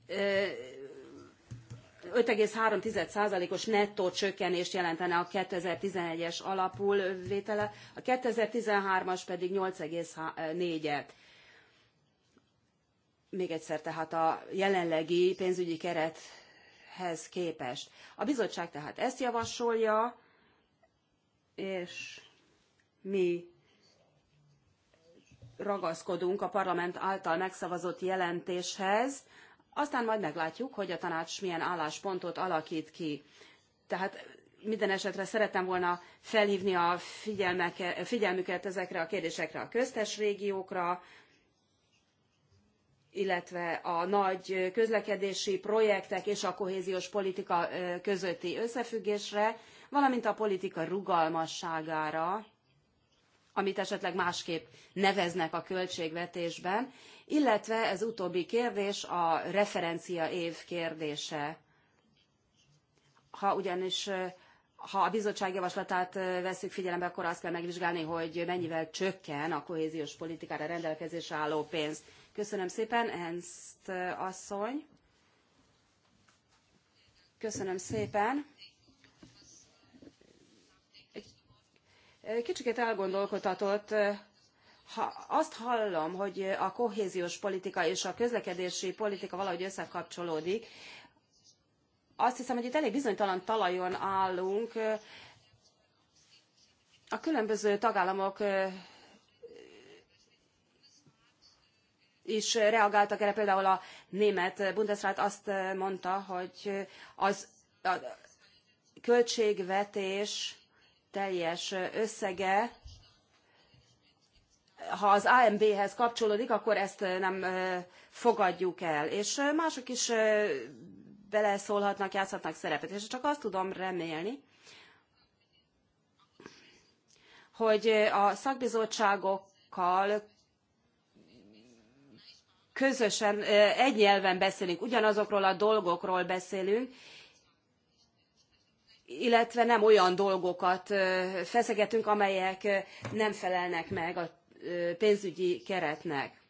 5,3%-os nettó csökkenést jelentene a 2011-es alapul vétele, a 2013-as pedig 8,4-et. Még egyszer, tehát a jelenlegi pénzügyi keret hez képest. A bizottság tehát ezt javasolja, és mi ragaszkodunk a parlament által megszavazott jelentéshez, aztán majd meglátjuk, hogy a tanács milyen álláspontot alakít ki. Tehát minden esetre szerettem volna felhívni a figyelmüket ezekre a kérdésekre, a köztes régiókra, illetve a nagy közlekedési projektek és a kohéziós politika közötti összefüggésre, valamint a politika rugalmasságára, amit esetleg másképp neveznek a költségvetésben, illetve ez utóbbi kérdés a referencia év kérdése. Ha ugyanis ha a bizottság javaslatát vesszük figyelembe, akkor azt kell megvizsgálni, hogy mennyivel csökken a kohéziós politikára rendelkezésre álló pénz. Köszönöm szépen, Ernst eh, asszony. Köszönöm szépen. Eh, kicsikét elgondolkodhatott, eh, ha azt hallom, hogy a kohéziós politika és a közlekedési politika valahogy összekapcsolódik, azt hiszem, hogy itt elég bizonytalan talajon állunk. A különböző tagállamok is reagáltak erre. Például a német Bundesrat azt mondta, hogy az a költségvetés teljes összege, ha az AMB-hez kapcsolódik, akkor ezt nem fogadjuk el. És mások is beleszólhatnak, játszhatnak szerepet. És csak azt tudom remélni, hogy a szakbizottságokkal közösen egy nyelven beszélünk, ugyanazokról a dolgokról beszélünk, illetve nem olyan dolgokat feszegetünk, amelyek nem felelnek meg a pénzügyi keretnek.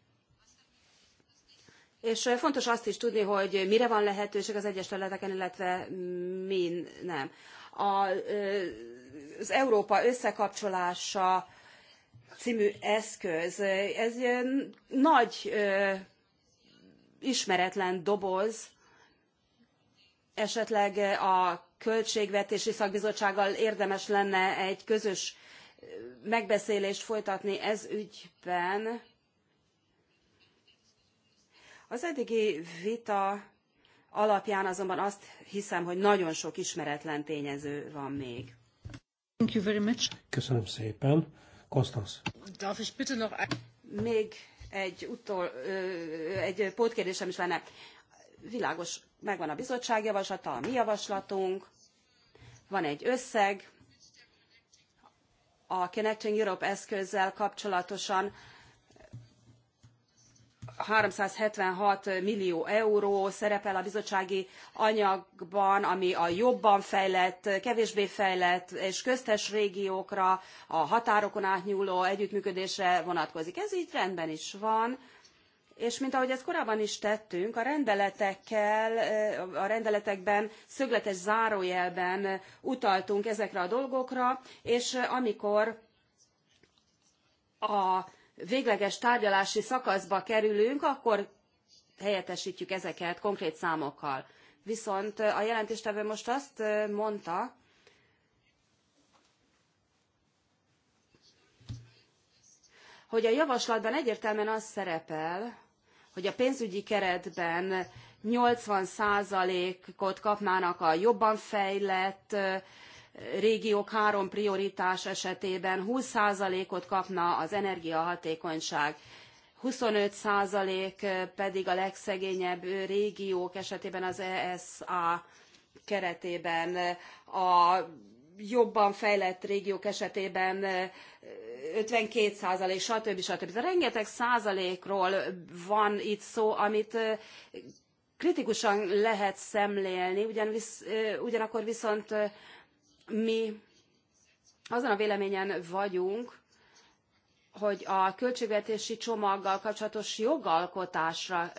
És fontos azt is tudni, hogy mire van lehetőség az egyes területeken, illetve min nem. A, az Európa összekapcsolása című eszköz, ez nagy ismeretlen doboz, esetleg a költségvetési szakbizottsággal érdemes lenne egy közös megbeszélést folytatni ez ügyben. Az eddigi vita alapján azonban azt hiszem, hogy nagyon sok ismeretlen tényező van még. Thank you very much. Köszönöm szépen. Konstanz. Darf ich bitte noch... Még egy, utol, egy pótkérdésem is lenne. Világos, megvan a bizottság javaslata, a mi javaslatunk, van egy összeg, a Connecting Europe eszközzel kapcsolatosan 376 millió euró szerepel a bizottsági anyagban, ami a jobban fejlett, kevésbé fejlett és köztes régiókra, a határokon átnyúló együttműködésre vonatkozik. Ez így rendben is van. És mint ahogy ezt korábban is tettünk, a rendeletekkel, a rendeletekben szögletes zárójelben utaltunk ezekre a dolgokra, és amikor a végleges tárgyalási szakaszba kerülünk, akkor helyettesítjük ezeket konkrét számokkal. Viszont eh, a jelentéstevő most azt eh, mondta, hogy a javaslatban egyértelműen az szerepel, hogy a pénzügyi keretben 80%-ot kapnának a jobban fejlett eh, régiók három prioritás esetében 20%-ot kapna az energiahatékonyság, 25% pedig a legszegényebb régiók esetében az ESA keretében. A jobban fejlett régiók esetében 52 százalék, stb. stb. De rengeteg százalékról van itt szó, amit kritikusan lehet szemlélni, ugyanakkor viszont mi azon a véleményen vagyunk, hogy a költségvetési csomaggal kapcsolatos jogalkotásra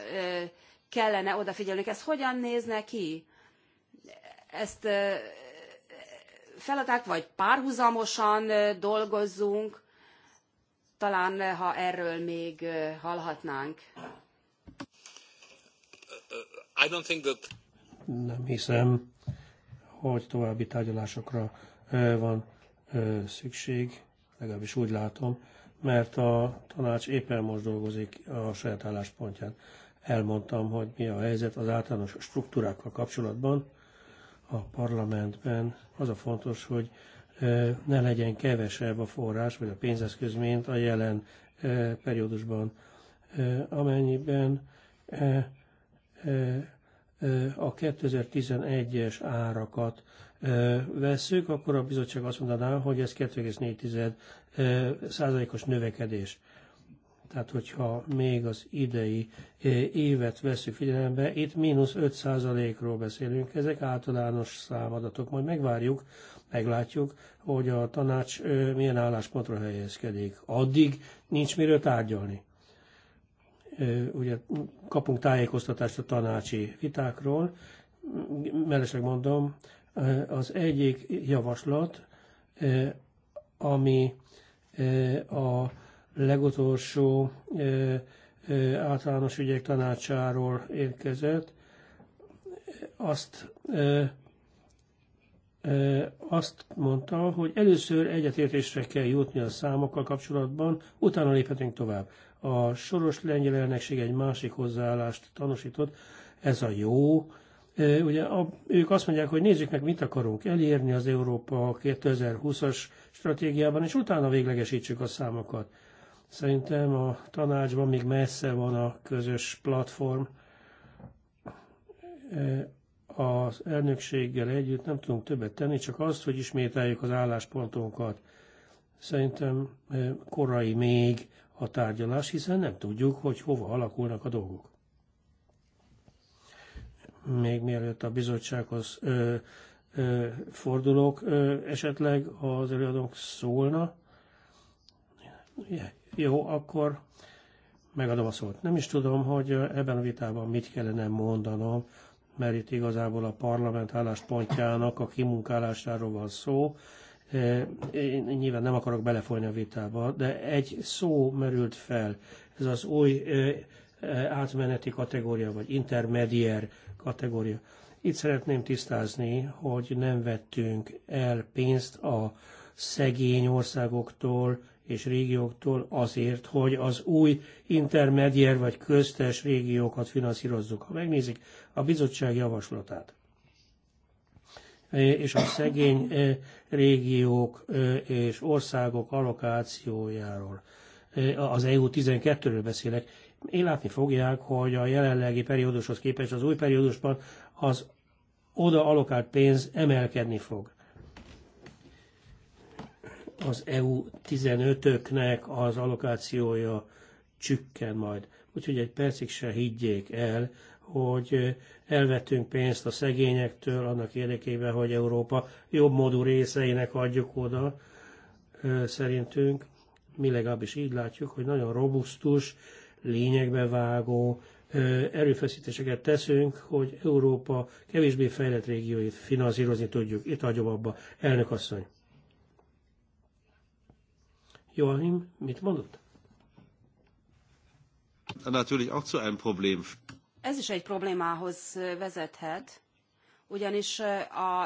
kellene odafigyelni? Ez hogyan nézne ki? Ezt feladták, vagy párhuzamosan dolgozzunk? Talán, ha erről még hallhatnánk. Uh, uh, I don't think that... Nem hiszem, hogy további tárgyalásokra van szükség, legalábbis úgy látom, mert a tanács éppen most dolgozik a saját álláspontján. Elmondtam, hogy mi a helyzet az általános struktúrákkal kapcsolatban a parlamentben. Az a fontos, hogy ne legyen kevesebb a forrás vagy a pénzeszköz, mint a jelen periódusban. Amennyiben a 2011-es árakat veszük, akkor a bizottság azt mondaná, hogy ez 2,4 százalékos növekedés. Tehát, hogyha még az idei évet veszük figyelembe, itt mínusz 5 százalékról beszélünk, ezek általános számadatok, majd megvárjuk, meglátjuk, hogy a tanács milyen álláspontra helyezkedik. Addig nincs miről tárgyalni ugye kapunk tájékoztatást a tanácsi vitákról. Mellesleg mondom, az egyik javaslat, ami a legutolsó általános ügyek tanácsáról érkezett, azt, azt mondta, hogy először egyetértésre kell jutni a számokkal kapcsolatban, utána léphetünk tovább. A soros lengyel elnökség egy másik hozzáállást tanúsított, ez a jó. Ugye a, ők azt mondják, hogy nézzük meg, mit akarunk elérni az Európa 2020-as stratégiában, és utána véglegesítsük a számokat. Szerintem a tanácsban még messze van a közös platform. Az elnökséggel együtt nem tudunk többet tenni, csak azt, hogy ismételjük az álláspontunkat. Szerintem korai még a tárgyalás, hiszen nem tudjuk, hogy hova alakulnak a dolgok. Még mielőtt a bizottsághoz ö, ö, fordulok, ö, esetleg az előadók szólna. Jó, akkor megadom a szót. Nem is tudom, hogy ebben a vitában mit kellene mondanom, mert itt igazából a parlament álláspontjának a kimunkálásáról van szó, én nyilván nem akarok belefolyni a vitába, de egy szó merült fel, ez az új átmeneti kategória, vagy intermedier kategória. Itt szeretném tisztázni, hogy nem vettünk el pénzt a szegény országoktól és régióktól azért, hogy az új intermedier vagy köztes régiókat finanszírozzuk. Ha megnézik a bizottság javaslatát, és a szegény régiók és országok allokációjáról. Az EU 12-ről beszélek. Én látni fogják, hogy a jelenlegi periódushoz képest az új periódusban az oda alokált pénz emelkedni fog az EU-15-öknek az allokációja csükken majd. Úgyhogy egy percig se higgyék el, hogy elvettünk pénzt a szegényektől annak érdekében, hogy Európa jobb módú részeinek adjuk oda. Szerintünk mi legalábbis így látjuk, hogy nagyon robusztus, lényegbe vágó erőfeszítéseket teszünk, hogy Európa kevésbé fejlett régióit finanszírozni tudjuk. Itt hagyom abba. Elnök asszony. Joachim, mit mondott? Natürlich auch zu einem Problem. Ez is egy problémához vezethet, ugyanis a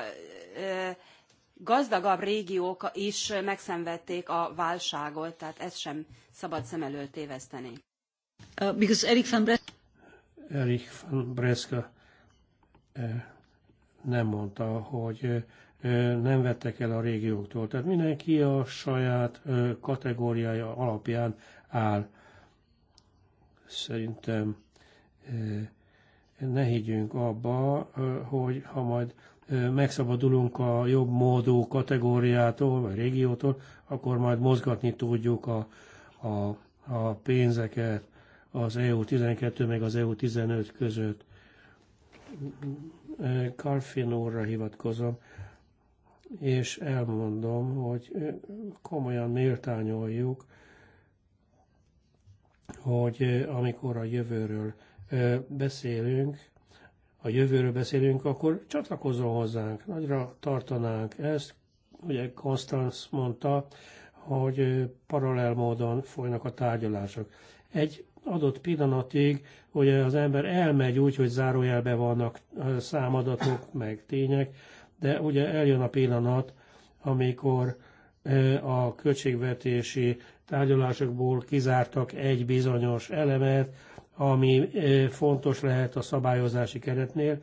gazdagabb régiók is megszenvedték a válságot, tehát ezt sem szabad szem előtt téveszteni. Uh, because Erik van Bres. Erik van Breska nem mondta, hogy nem vettek el a régióktól. Tehát mindenki a saját kategóriája alapján áll. Szerintem ne higgyünk abba, hogy ha majd megszabadulunk a jobb módú kategóriától, vagy régiótól, akkor majd mozgatni tudjuk a, a, a pénzeket az EU12 meg az EU15 között. Karfin úrra hivatkozom, és elmondom, hogy komolyan méltányoljuk, hogy amikor a jövőről beszélünk, a jövőről beszélünk, akkor csatlakozzon hozzánk. Nagyra tartanánk ezt. Ugye Konstanz mondta, hogy paralel módon folynak a tárgyalások. Egy adott pillanatig, hogy az ember elmegy úgy, hogy zárójelbe vannak számadatok, meg tények, de ugye eljön a pillanat, amikor a költségvetési tárgyalásokból kizártak egy bizonyos elemet, ami fontos lehet a szabályozási keretnél.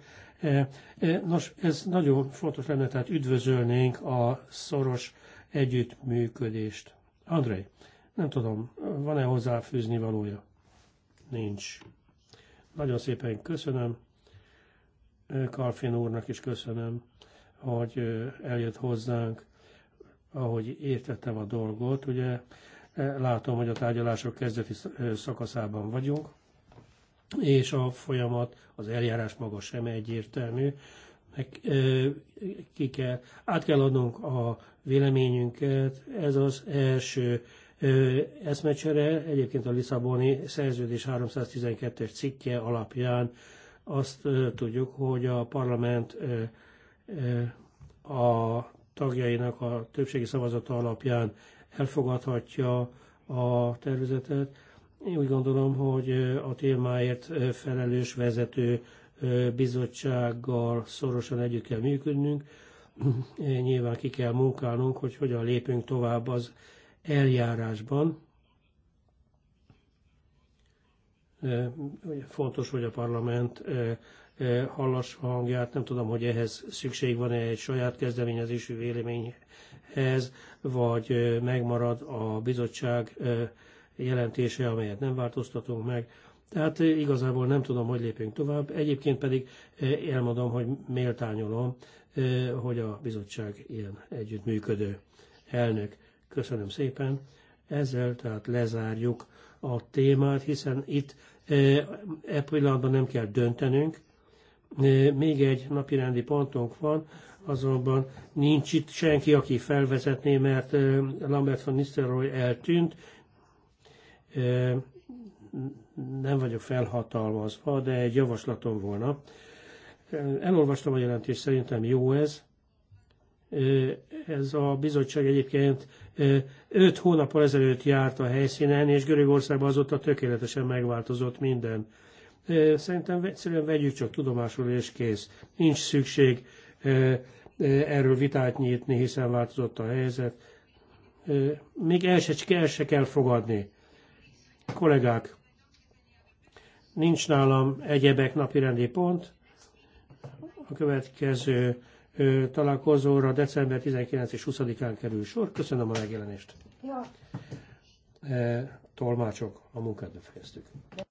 Nos, ez nagyon fontos lenne, tehát üdvözölnénk a szoros együttműködést. Andrei, nem tudom, van-e hozzáfűzni valója? Nincs. Nagyon szépen köszönöm. Karfin úrnak is köszönöm, hogy eljött hozzánk, ahogy értettem a dolgot. Ugye látom, hogy a tárgyalások kezdeti szakaszában vagyunk és a folyamat, az eljárás maga sem egyértelmű. Meg, ki kell, át kell adnunk a véleményünket, ez az első eszmecsere, egyébként a Lisszaboni szerződés 312-es cikke alapján azt tudjuk, hogy a parlament a tagjainak a többségi szavazata alapján elfogadhatja a tervezetet. Én úgy gondolom, hogy a témáért felelős vezető bizottsággal szorosan együtt kell működnünk. Nyilván ki kell munkálnunk, hogy hogyan lépünk tovább az eljárásban. Fontos, hogy a parlament hallas hangját, nem tudom, hogy ehhez szükség van-e egy saját kezdeményezésű véleményhez, vagy megmarad a bizottság jelentése, amelyet nem változtatunk meg. Tehát eh, igazából nem tudom, hogy lépünk tovább. Egyébként pedig eh, elmondom, hogy méltányolom, eh, hogy a bizottság ilyen együttműködő elnök. Köszönöm szépen. Ezzel tehát lezárjuk a témát, hiszen itt e pillanatban nem kell döntenünk. Még egy napirendi pontunk van, azonban nincs itt senki, aki felvezetné, mert Lambert van Nistelrooy eltűnt, nem vagyok felhatalmazva, de egy javaslatom volna. Elolvastam a jelentést, szerintem jó ez. Ez a bizottság egyébként öt hónappal ezelőtt járt a helyszínen, és Görögországban azóta tökéletesen megváltozott minden. Szerintem egyszerűen vegyük csak tudomásul, és kész. Nincs szükség erről vitát nyitni, hiszen változott a helyzet. Még el se, el se kell fogadni Kollégák, nincs nálam egyebek napirendi pont. A következő találkozóra december 19 és 20-án kerül sor. Köszönöm a megjelenést. Ja. E, tolmácsok, a munkát befejeztük.